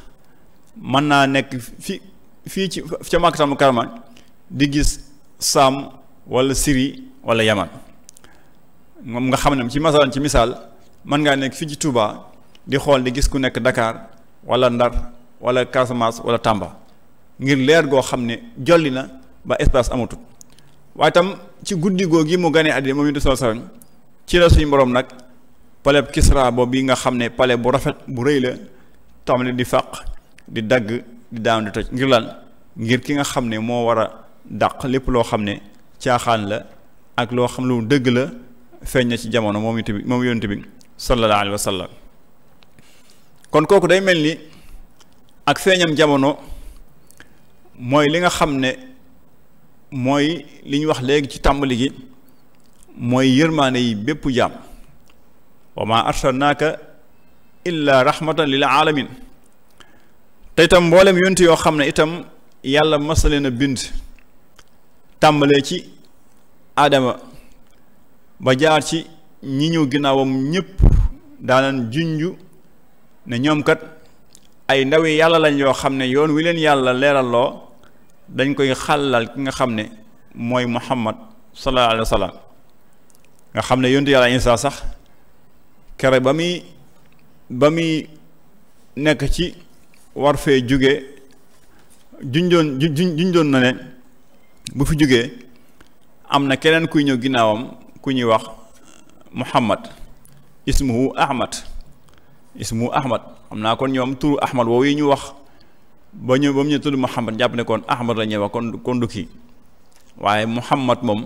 mën naa nekk fi fii ci ca Makkatal Mukarrama di gis Saam walla Siri wala Yaman moom nga xam ne ci masalan ci misaal mën ngaa nekk fii ci Touba di xool di gis ku nekk ndakaar wala Ndar wala kasamaas wala tàmba ngir leer goo xam ne jolli na ba espace amatu waaye tam ci guddi googu yi mu ganee àddina moom it ci la suñu borom nag palais Kisra boobu bi nga xam ne pale bu rafet bu rëy la tamit di fàq di dagg di daan di toj ngir lan ngir ki nga xam ne moo war a dàq lépp loo xam ne caaxaan la ak loo xam lu dëgg la feeñ na ci jamono moom itamit moom yonent bi sallallahu alayhi kon kooku day mel ni ak feeñam jamono mooy li nga xam ne mooy li ñu wax léegi ci tàmbali gi mooy yërmaane yi bépp jaam wa ma arsalnaaka illa rahmatan lil alamin te itam mboolem yonte yoo xam ne itam yàlla mas leen a bind tàmbalee ci aadama ba jaar ci ñi ñëw ginnaawam ñëpp daanan junju ne ñoom kat ay ndawi yàlla lañ yoo xam ne yoon wi leen yàlla leeraloo dañ koy xàllal ki nga xam ne mooy muhammad sallallahu alayhi wa nga xam ne yontu yàlla Isaa sax kere ba muy ba muy nekk ci war fee jóge junjoon junjoon na ne bu fi jógee am na keneen kuy ñëw ginnaawam ku ñuy wax Muhammad ismuhu Ahmad ismuhu Ahmad am naa kon ñoom turu Ahmad woowu yi ñu wax ba ñëw ba mu ñu tudd Muhammad jàpp ne kon Ahmad la wax kon kon du kii waaye Muhammad moom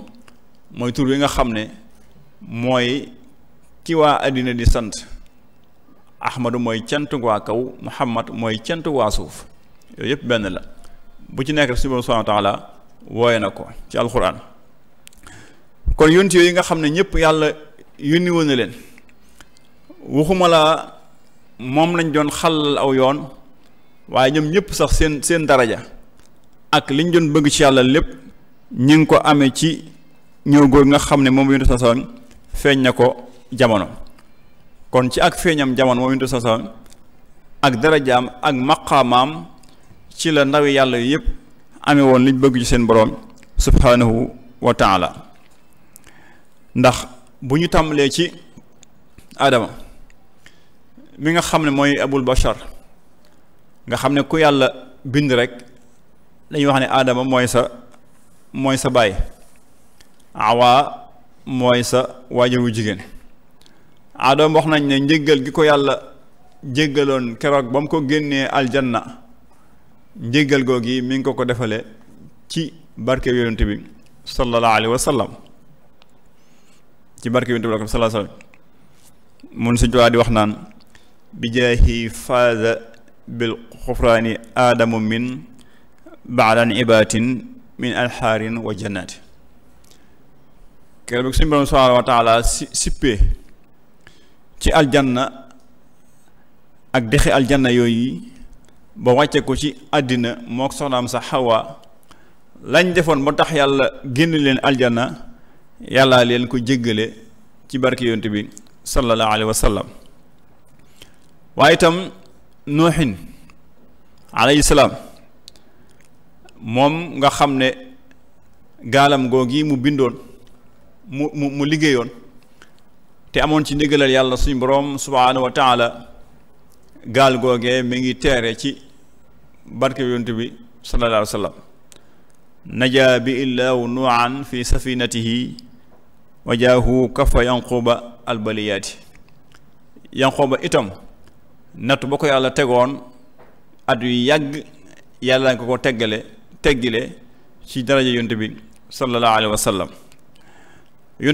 mooy tur wi nga xam ne mooy ki waa àddina di sant ahmadu mooy cantu waa kaw muhammad mooy cantu suuf yooyu yëpp benn la bu ci nekk rek suñu boroom subhaanahu wa taala wooye na ko ci alquran kon yonent yooyu nga xam ne ñëpp yàlla yónni woon leen waxuma la moom lañ doon xalal aw yoon waaye ñoom ñëpp sax seen seen daraja ak liñ doon bëgg ci yàlla lépp ñu ngi ko amee ci ñëw góor nga xam ne moom yonent sa feeñ na ko jamono kon ci ak feeñam jamono moom yonent sallallahu ak darajaam ak maqaamaam ci la ndawi yàlla yépp amee woon liñ bëgg ci seen boroom subhanahu wa taala ndax bu ñu tàmbalee ci aadama mi nga xam ne mooy abul bashar nga xam ne ku yàlla bind rek dañuy wax ne aadama mooy sa mooy sa baay Awa mooy sa waajur jigéen aadam wax nañ ne njëggal gi ko yàlla jéggaloon keroog ba mu ko génnee aljanna njëggal googi mi ngi ko ko defale ci barke yonent bi sallallahu alayhi wa sallam ci barke mun suñ tuwaa di wax naan bi jaahi faaza bil xufraani aadamu min baadan ibaatin min alxaarin wa jannaati keroog suñ borom subhaanahu wa si sippee ci aljanna ak dexi aljanna yooyu ba wàcce ko ci àddina moo soxnaam sa xawa lañ defoon ba tax yàlla génn leen aljanna yàllaa leen ko jéggale ci barke bi sallallahu alayhi wa sallam waaye itam nuuxin alayhi salaam moom nga xam ne gaalam googi mu bindoon mu mu mu liggéeyoon te amoon ci ndigalal yàlla suñu boroom subhaanahu wa taala gaal googee mi ngi teere ci barke yonent bi sallallahu alayhi wa sallam najaa bi illaahu nuuhan fi safinatihi wajaahu kafa yanquba albaliyaati yanquba itam nattu ba ko yàlla tegoon at yu yàgg yàlla nga ko teggale teggile ci daraja yonent bi sallallahu alayhi wa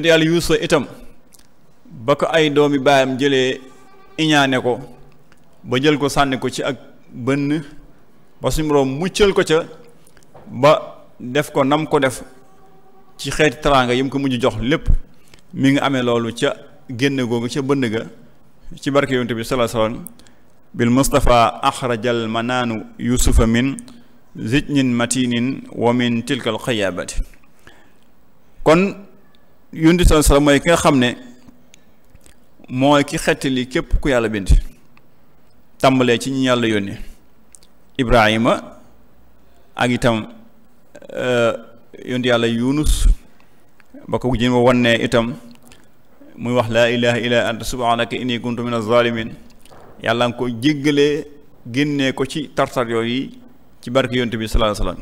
yàlla yuusa itam ba ko ay doomi baayam jële iñaane ko ba jël ko sànni ko ci ak bënn ba suñu boroom muccal ko ca ba def ko nam ko def ci xeeti teraanga yi mu ko mujj jox lépp mi ngi ame loolu ca génn googu ca bënn ga ci barke yonent bi sallallahu alayhi bil mustafa axrajal manaanu yusufa min zijnin matinin wa tilkal xayaabati kon yonent bi mooy ki xam ne mooy ki xettali képp ku yàlla bind tàmbalee ci ñi yàlla yónni Ibrahima ak itam euh, yónni yàlla Yunus ba ko jën ma itam muy wax laa ilaha illa anta subhanaka inni kuntu min azalimin yàlla nga ko jéggalee génnee ko ci tartar yooyu ci barke yonte bi sallallahu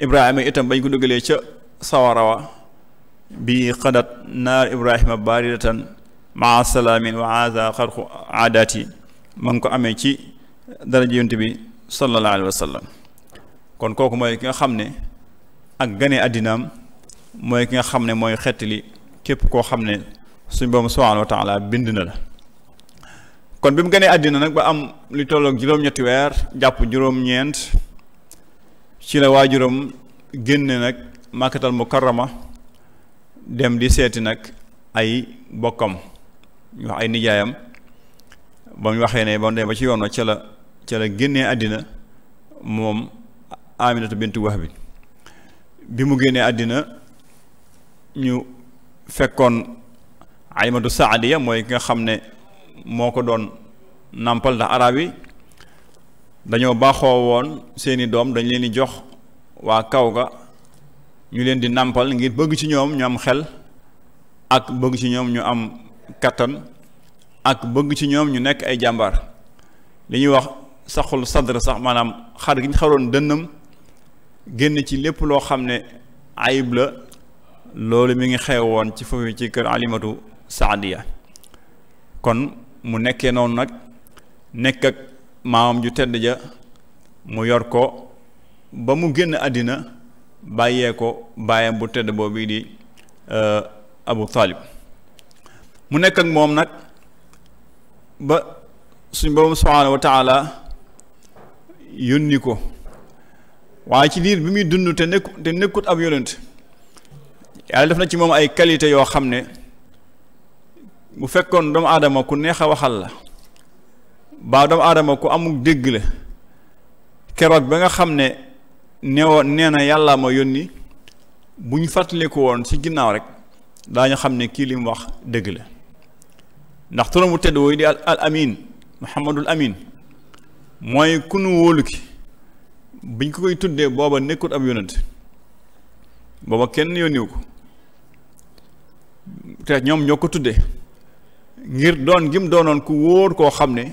Ibrahima itam bañ ko dugalee ca sawarawa bi xadat naar Ibrahima baaridatan maa salaamin wa aza xarqu ma ngi ko amee ci daraja yonent bi sallallahu alayhi kon kooku mooy ki nga xam ne ak gane àddinaam mooy ki nga xam ne mooy xettali képp koo xam ne suñ boroom subhaanahu wa bind na la kon bi mu gënee àddina nag ba am lu tollook juróom-ñetti weer jàpp juróom-ñeent ci la waajuram génne nag màkkatal mukarrama dem di seeti nag ay bokkam ñu wax ay nijaayam ba mu waxee ne ba mu ba ci yoon wa ca la ca génnee àddina moom Aminata bintu wax bi bi mu génnee àddina ñu fekkoon Aymatu Saadiya mooy ki nga xam ne moo ko doon nàmpal ndax arab yi dañoo baaxoo woon seeni doom dañ leen di jox waa kaw ga ñu leen di nàmpal ngir bëgg ci ñoom ñu am xel ak bëgg ci ñoom ñu am kattan ak bëgg ci ñoom ñu nekk ay jàmbar li ñuy wax saxul sadr sax maanaam xar gi ñu xaroon dënnam génn ci lépp loo xam ne ayib la loolu mi ngi xew woon ci foofu ci kër alimatu saadiya kon mu nekkee noonu nag nekk ak maamam ju tedd ja mu yor ko ba mu génn àddina bàyyee ko baayam bu tedd boobu di euh, Abu Talib mu nekk ak moom nag ba suñ boroom subhaanahu wa taala yónni ko waaye ci diir bi muy dund te nekku te nekkut ab yonent yàlla def na ci moom ay qualité yoo xam ne bu fekkoon doomu aadama ku neex a waxal la baa doomu aadama ku amul dégg la keroog ba nga xam ne neewoo nee na yàlla ma yónni bu ñu fàttaliku woon ci ginnaaw rek daañu xam ne kii li mu wax dëgg la ndax turam wu tedd wooyu di al amin muhammadul amin mooy ku nu wóolu ki biñ ko koy tuddee booba nekkut ab yonent booba kenn yónniwu ko te ñoom ñoo ko tuddee ngir doon gim doonoon ku wóor koo xam ne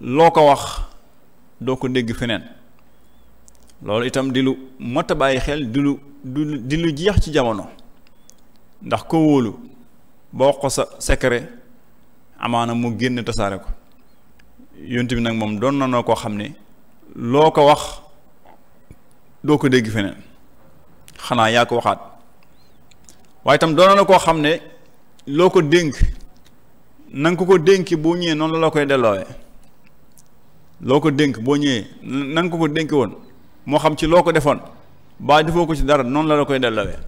loo ko wax doo ko dégg feneen loolu itam di lu mot a bàyyi xel di lu di lu jeex ci jamono ndax ko wóolu ba wax ko sa secret amaana mu génn tasaare ko yont bi nag moom doon na noo koo xam ne loo ko wax doo ko dégg feneen xanaa yaa ko waxaat waaye tam doon na koo xam ne loo ko dénk nanga ko ko boo ñëwee noonu la la koy delloowee loo ko dénk boo ñëwee nanga ko ko dénki woon moo xam ci loo ko defoon baa defoo ci dara noonu la la koy delloowee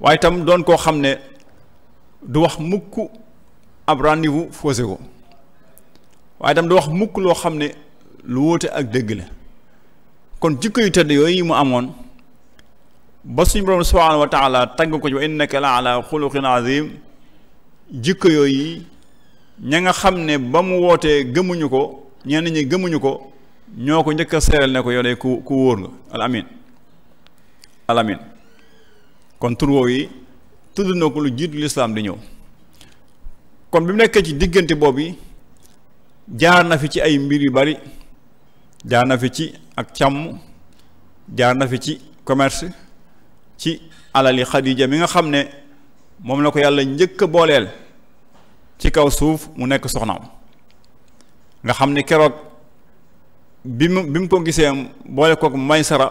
waaye itam doon koo xam ne du wax mukk ab rendez-vous faussé ko waaye itam du wax mukk loo xam ne lu wóote ak dëgg la kon jikko yu tedd yooyu mu amoon ba suñu borom subhaanahu wa taala tagg ko ci wa innaka la ala xuluqin azim jikko yooyu ña nga xam ne ba mu wootee gëmuñu ko ñenn ñi gëmuñu ko ñoo ko njëkk a ne ko yow day ku ku wóor nga al amin al amin kon tur yi tudd na ko lu jiitu lislaam di ñëw kon bi mu nekkee ci diggante boobu jaar na fi ci ay mbir yu bari jaar na fi ci ak càmm jaar na fi ci commerce ci alali Xadija mi nga xam ne moom la ko yàlla njëkk a booleel ci kaw suuf mu nekk soxnaam nga xam ne keroog bi mu bi mu ko gisee boole kook Maysara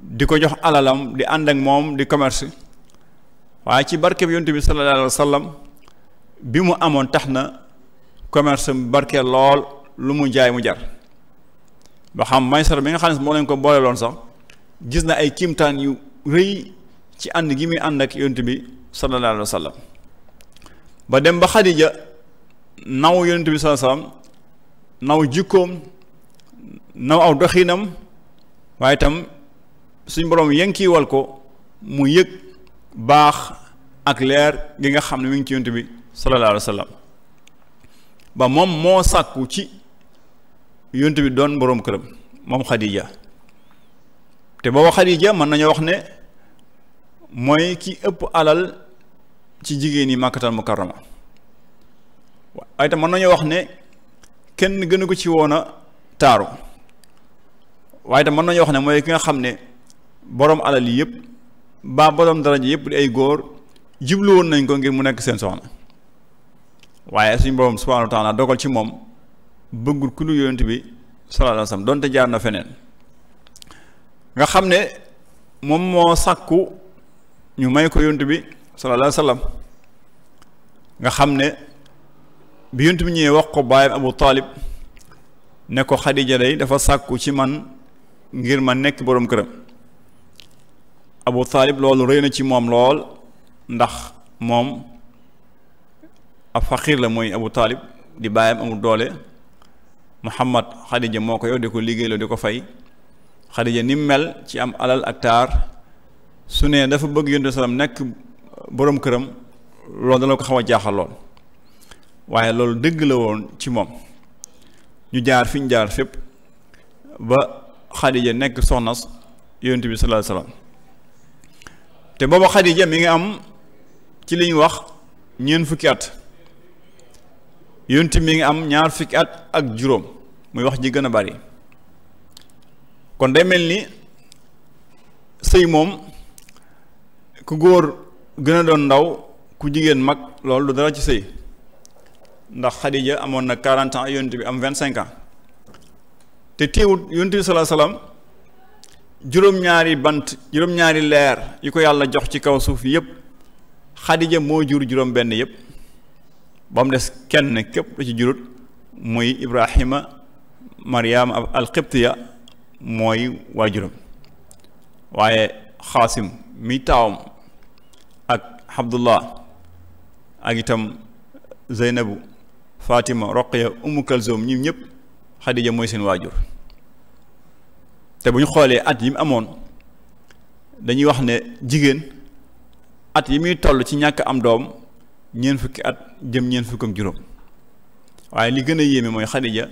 di ko jox alalam di ànd ak moom di commerce waaye ci barke bi yonent bi bi mu amoon tax na commerce barkee lool lu mu jaay mu jar ba xam Maysara bi nga xam moo lañ ko boole loon sax gis na ay kiimtaan yu rëy ci ànd gi muy ànd ak yonent bi sallallahu alayhi wa sallam ba dem ba Xadija naw yonent bi sallallahu naw jikkoom naw aw doxinam waaye tam suñ boroom yenkiiwal ko mu yëg baax ak leer gi nga xam ne mi ngi ci yonent bi sallallahu alayhi wa ba moom moo sàkku ci yonent bi doon boroom këram moom Khadija te booba Khadija mën nañoo wax ne mooy ki ëpp alal ci jigéen yi Makkatal Mukarrama waaye itam mën nañoo wax ne kenn gënu ci woon a taaru waaye itam mën nañoo ne mooy ki nga xam ne boroom alal yi yëpp baa boroom daraja yëpp di ay góor jublu woon nañ ko ngir mu nekk seen soxna waaye suñu borom subhaanahu wa taala dogal ci moom bëggul ku lu bi sallallahu alayhi wa sallam donte jaar na feneen nga xam ne moom moo sàkku ñu may ko yonent bi sallallahu alayhi wa sallam nga xam ne bi yont bi ñëwee wax ko baayam Abu Taalib ne ko Xadija day dafa sàkku ci man ngir ma nekk boroom këram Abu Taalib loolu rëy na ci moom lool ndax moom ab faqiir la mooy abu taalib di baayam amul doole muhammad xadija moo ko yow di ko liggéeyloo di ko fay xadija ni mel ci am alal ak taar su ne dafa bëgg yonte salaam nekk boroom këram loolu dana ko xaw a jaaxal lool waaye loolu dëgg la woon ci moom ñu jaar fi ñu jaar fépp ba xadija nekk soxnas yonent bi sallallahu alayhi wasallam te booba xadija mi ngi am ci li ñu wax ñeent fukki at yonent mi ngi am ñaar fukki at ak juróom muy wax ji gën a bari kon day mel ni sëy moom ku góor gën a doon ndaw ku jigéen mag loolu du dara ci sëy ndax Xadija amoon na quarante ans bi am vingt cinq te teewut yonent bi salaam juróom-ñaari bant juróom-ñaari leer yi ko yàlla jox ci kaw suuf yépp Xadija moo jur juróom benn yépp ba mu des kenn képp lu ci jurut muy ibrahima mariama ab alqibtiya mooy waajuram waaye xaasim mi taawam ak abdullah ak itam zeynabu fatima roqiya umu kalsoom ñi ñëpp xadija mooy seen waajur te bu ñu xoolee at yi mu amoon dañuy wax ne jigéen at yi muy toll ci ñàkk am doom ñeent fukki at jëm ñeent fukk ak juróom waaye li gën a yéeme mooy Xadija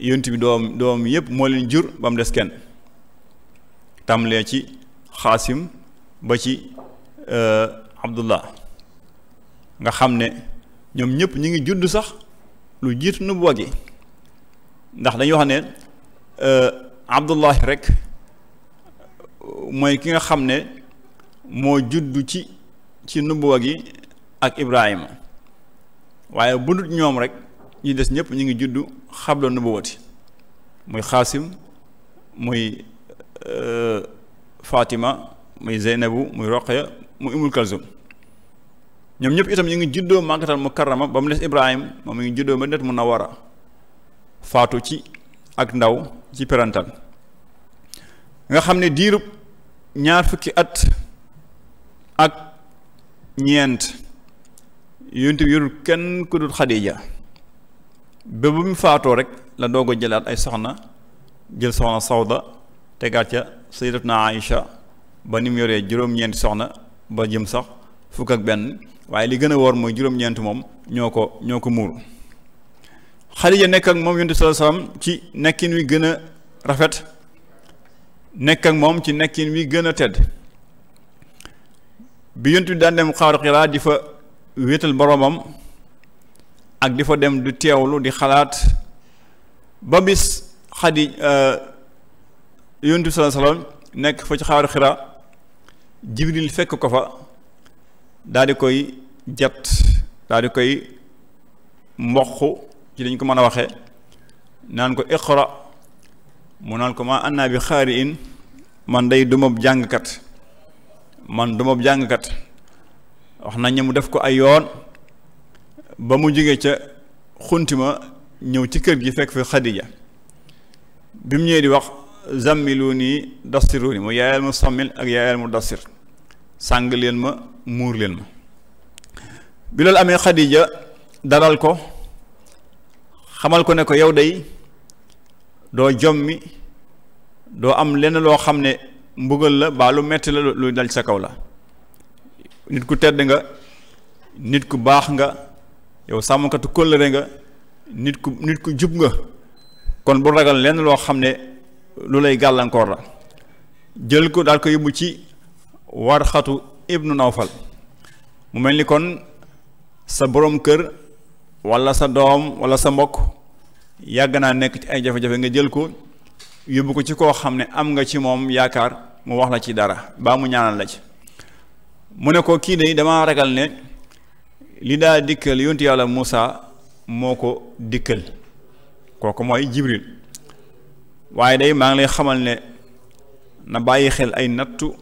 yonent bi doom doom yëpp moo leen jur ba mu des kenn tàmbalee ci xaasim ba ci euh, abdullah nga xam ne ñoom ñëpp ñu ngi judd sax lu jiit nu yi ndax dañu wax ne euh, abdullahi rek mooy ki nga xam ne moo judd ci ci nubuwa yi ak Ibrahima waaye bu ñoom rek ñu des ñëpp ñu ngi judd xabla nubuwati muy xaasim muy euh, Fatima muy Zeynabu muy Roqaya muy Umul Kalsum ñoom ñëpp itam ñu ngi juddoo Makkatal Mukarrama ba mu des Ibrahima moom mi ngi juddoo Madinatu Munawwara faatu ci ak ndaw ci perantal nga xam ne diirub ñaar fukki at ak ñeent yonent bi yorul kenn ku dul Xadija ba bu mu faatoo rek la doog a jëlaat ay soxna jël soxna Sawda tegaat ca Sayyidatuna Aïcha ba ni mu yoree juróom-ñeenti soxna ba jëm sax fukk ak benn waaye li gën a wóor mooy juróom-ñeent moom ñoo ko ñoo ko muur Xadija nekk ak moom yonent bi sallallahu ci nekkin wi gën a rafet nekk ak moom ci nekkin wi gën a tedd bi yonent bi daan dem xaaru Xiraa di fa wéetal boroomam ak di fa dem di teewlu di xalaat ba bis xadi euh, yonent bi sallallahu nekk fa ci xaaru xira jibril fekk ko fa daal koy jat daal koy mboq ci dañ ko mën a waxe naan ko iqra mu naan ko maa annaa bi xaari in man day dumab jàngkat man dumab jàngkat wax nañ mu def ko ay yoon ba mu jógee ca xuntima ñëw ci kër gi fekk fi xadija bi mu ñëwee di wax zammilu nii dassiru nii mu yaayal mu sammil ak yaayal mu dassir sàng leen ma muur leen ma bi loolu amee xadija dalal ko xamal ko ne ko yow day doo jommi doo am lenn loo xam ne mbugal la baa lu metti la lu dal sa kaw la nit ku tedd nga nit ku baax nga yow sàmmkatu kóllëre nga nit ku nit ku jub nga kon bu ragal lenn loo xam ne lu lay gàllankoor la jël ko daal ko yóbbu ci warxatu ibnu nawfal mu mel ni kon sa boroom kër walla sa doom walla sa mbokk yàgg naa nekk ci ay jafe-jafe nga jël ko yóbbu ko ci koo xam ne am nga ci moom yaakaar mu wax la ci dara baa mu ñaanal la ci mu ne ko kii de damaa ragal ne li daa dikkal yontu yàlla Muusa moo ko dikkal kooku mooy Jibril waaye day maa ngi lay xamal ne na bàyyi xel ay nattu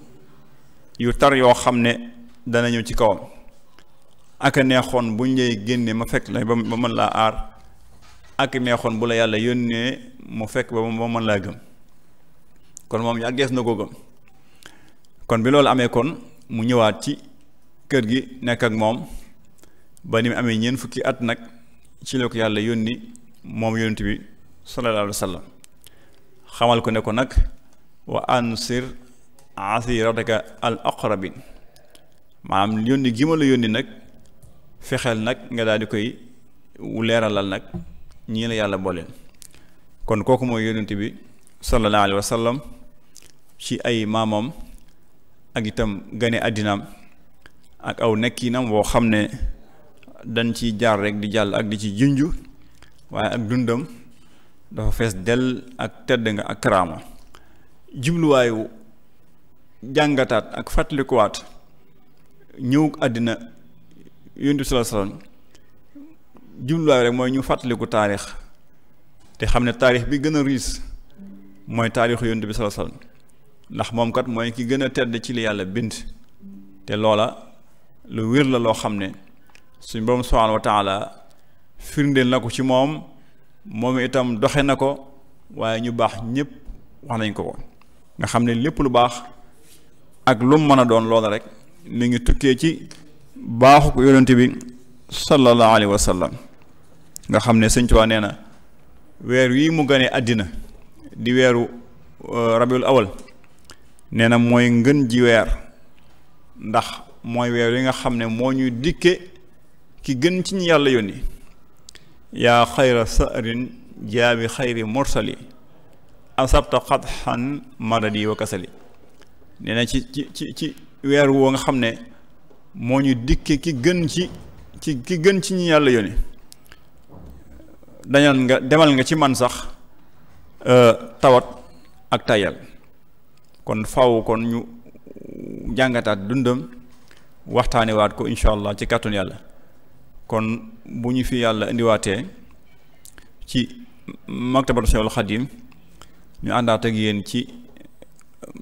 yu tar yoo xam ne dana ñëw ci kawam ak neexoon bu lay génne ma fekk la ba mën laa aar ak neexoon bu la yàlla yónnee mu fekk ba ma mën laa gëm kon moom yàggees na ko gëm kon bi loolu amee kon mu ñëwaat ci kër gi nekk ak moom ba ni mu amee ñeent fukki at nag ci la ko yàlla yónni moom yónent bi sallallahu alayhi wa xamal ko ne ko nag wa ansir asirataka al aqrabin maanaam yónni gi ma la yónni nag fexeel nag nga daal di koy leeralal nag ñii la yàlla booleel kon kooku mooy yónent bi sallallahu alayhi wa sallam ci ay maamoom ak itam gane àddinaam ak aw nekkinam woo xam ne dañ ci jaar rek di jàll ak di ci junju waaye ak dundam dafa fees dell ak tedd nga ak karaama jubluwaayu jàngataat ak fàttalikuwaat ñëw àddina yonent bi sallallahu alayhi jubluwaay rek mooy ñu fàttaliku taarix te xam ne taarix bi gën a riis mooy taarixu yonent bi sallallahu ndax moom kat mooy ki gën a tedd ci li yàlla bind te loola lu wér la loo xam ne suñ borom subhaanahu wa taala firndeel na ko ci moom moom itam doxe na ko waaye ñu baax ñépp wax nañ ko ko nga xam ne lépp lu baax ak lu mën a doon loola rek mu ngi tukkee ci baaxu ko yonent bi sallallahu alayhi wa nga xam ne sëñ Tuubaa nee na weer wii mu gane àddina di weeru euh, rabiul awal nee na mooy ngën ji weer ndax mooy weer yi nga xam ne moo ñu dikke ki gën ci ñu yàlla yónni yaa xayra sa'rin jaabi xayri morsali asabta xatxan madadi wa kasali nee ci ci ci ci weer woo nga xam ne moo ñu dikke ki gën ci ci ki gën ci ñu yàlla yónni dañal nga demal nga ci man sax euh, tawat ak tayal kon faw kon ñu jàngataat dundam waxtaanewaat ko incha allah ci kàttun yàlla kon bu ñu fi yàlla indiwaatee ci maktabatu Seexul Xadim ñu àndaat ak yéen ci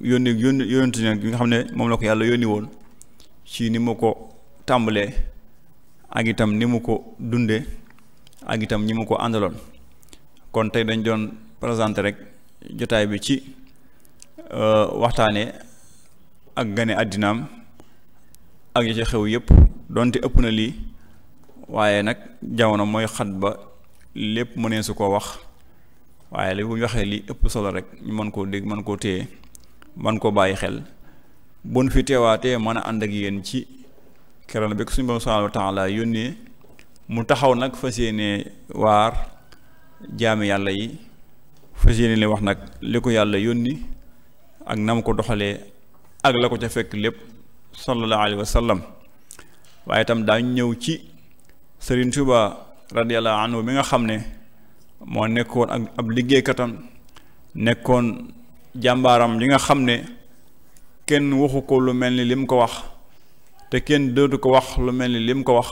yónni yónni yónntu nag bi nga xam ne moom la ko yàlla yónni woon ci ni mu ko tàmbalee ak itam ni mu ko dundee ak itam ñi mu ko àndaloon kon tey dañ doon présenté rek jotaay bi ci Euh, waxtaane ak gane àddinaam ak yi ci xew yépp donte ëpp na lii waaye nag jamono mooy xat ba lépp mënee su ko wax waaye li bu ñu waxee lii ëpp solo rek ñu mën koo dégg mën koo téye man koo bàyyi xel bu nu fi teewaatee mën a ànd ak yéen ci keroon bi suñu borom subhaanahu wa taala yónnee mu taxaw nag fas yéene waar jaami yàlla yi fas yéene li wax nag li ko yàlla yónni ak na mu ko doxalee ak la ko ca fekk lépp sallallahu alayhi wa sallam waaye itam daañu ñëw ci Sëriñ Tuba radiyallahu anhu bi nga xam ne moo nekkoon ak ab liggéeykatam nekkoon jàmbaaram li nga xam ne kenn waxu ko lu mel ni lim ko wax te kenn dootu ko wax lu mel ni lim ko wax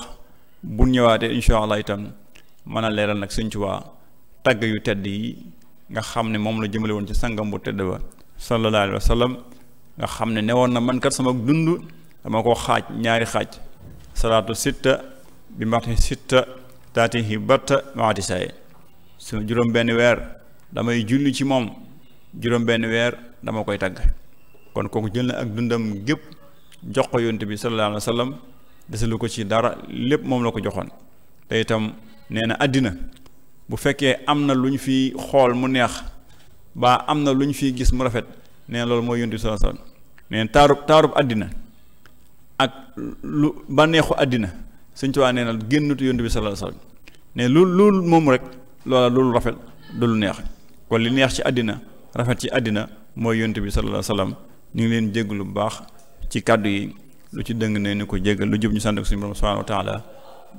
bu ñëwaatee incha allah itam mën a leeral nag Sëriñ Tuba tagg yu tedd yi nga xam ne moom la jëmale woon ci sàngam bu tëdd ba sallallahu alayhi wa sallam nga xam ne newoon na man kat sama dund dama ko xaaj ñaari xaaj salaatu sitta bi maxti sitta taati hi batta maxti say su juróom benn weer damay julli ci moom juróom benn weer dama koy tagg kon kooku jël na ak dundam gépp jox ko yonte bi sallallahu alayhi wa sallam desalu ko ci dara lépp moom la ko joxoon te itam nee na àddina bu fekkee am na lu ñu fi xool mu neex baa am na lu ñu fi gis mu rafet neen loolu mooy yontu sala sala neen taarub taarub àddina ak lu bànneexu àddina suñ ci waa nee na bi sala sala ne lu lu rek loola rafet du neex kon li neex ci àddina rafet ci àddina mooy yontu bi sala salaam ñu ngi leen jégalu bu baax ci kàddu yi lu ci dëng ne ni ko jégal lu jub ñu sant ko suñu borom subhanahu wa taala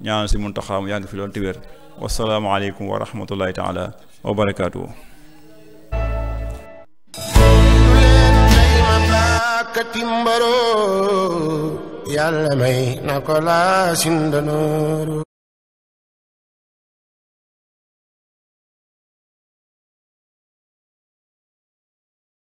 ñaan si mun taxaam yaa ngi fi loolu ti wér wasalaamu aleykum wa rahmatullahi taala wa barakaatuhu makkati mbaro yàlla may na ko sindanooro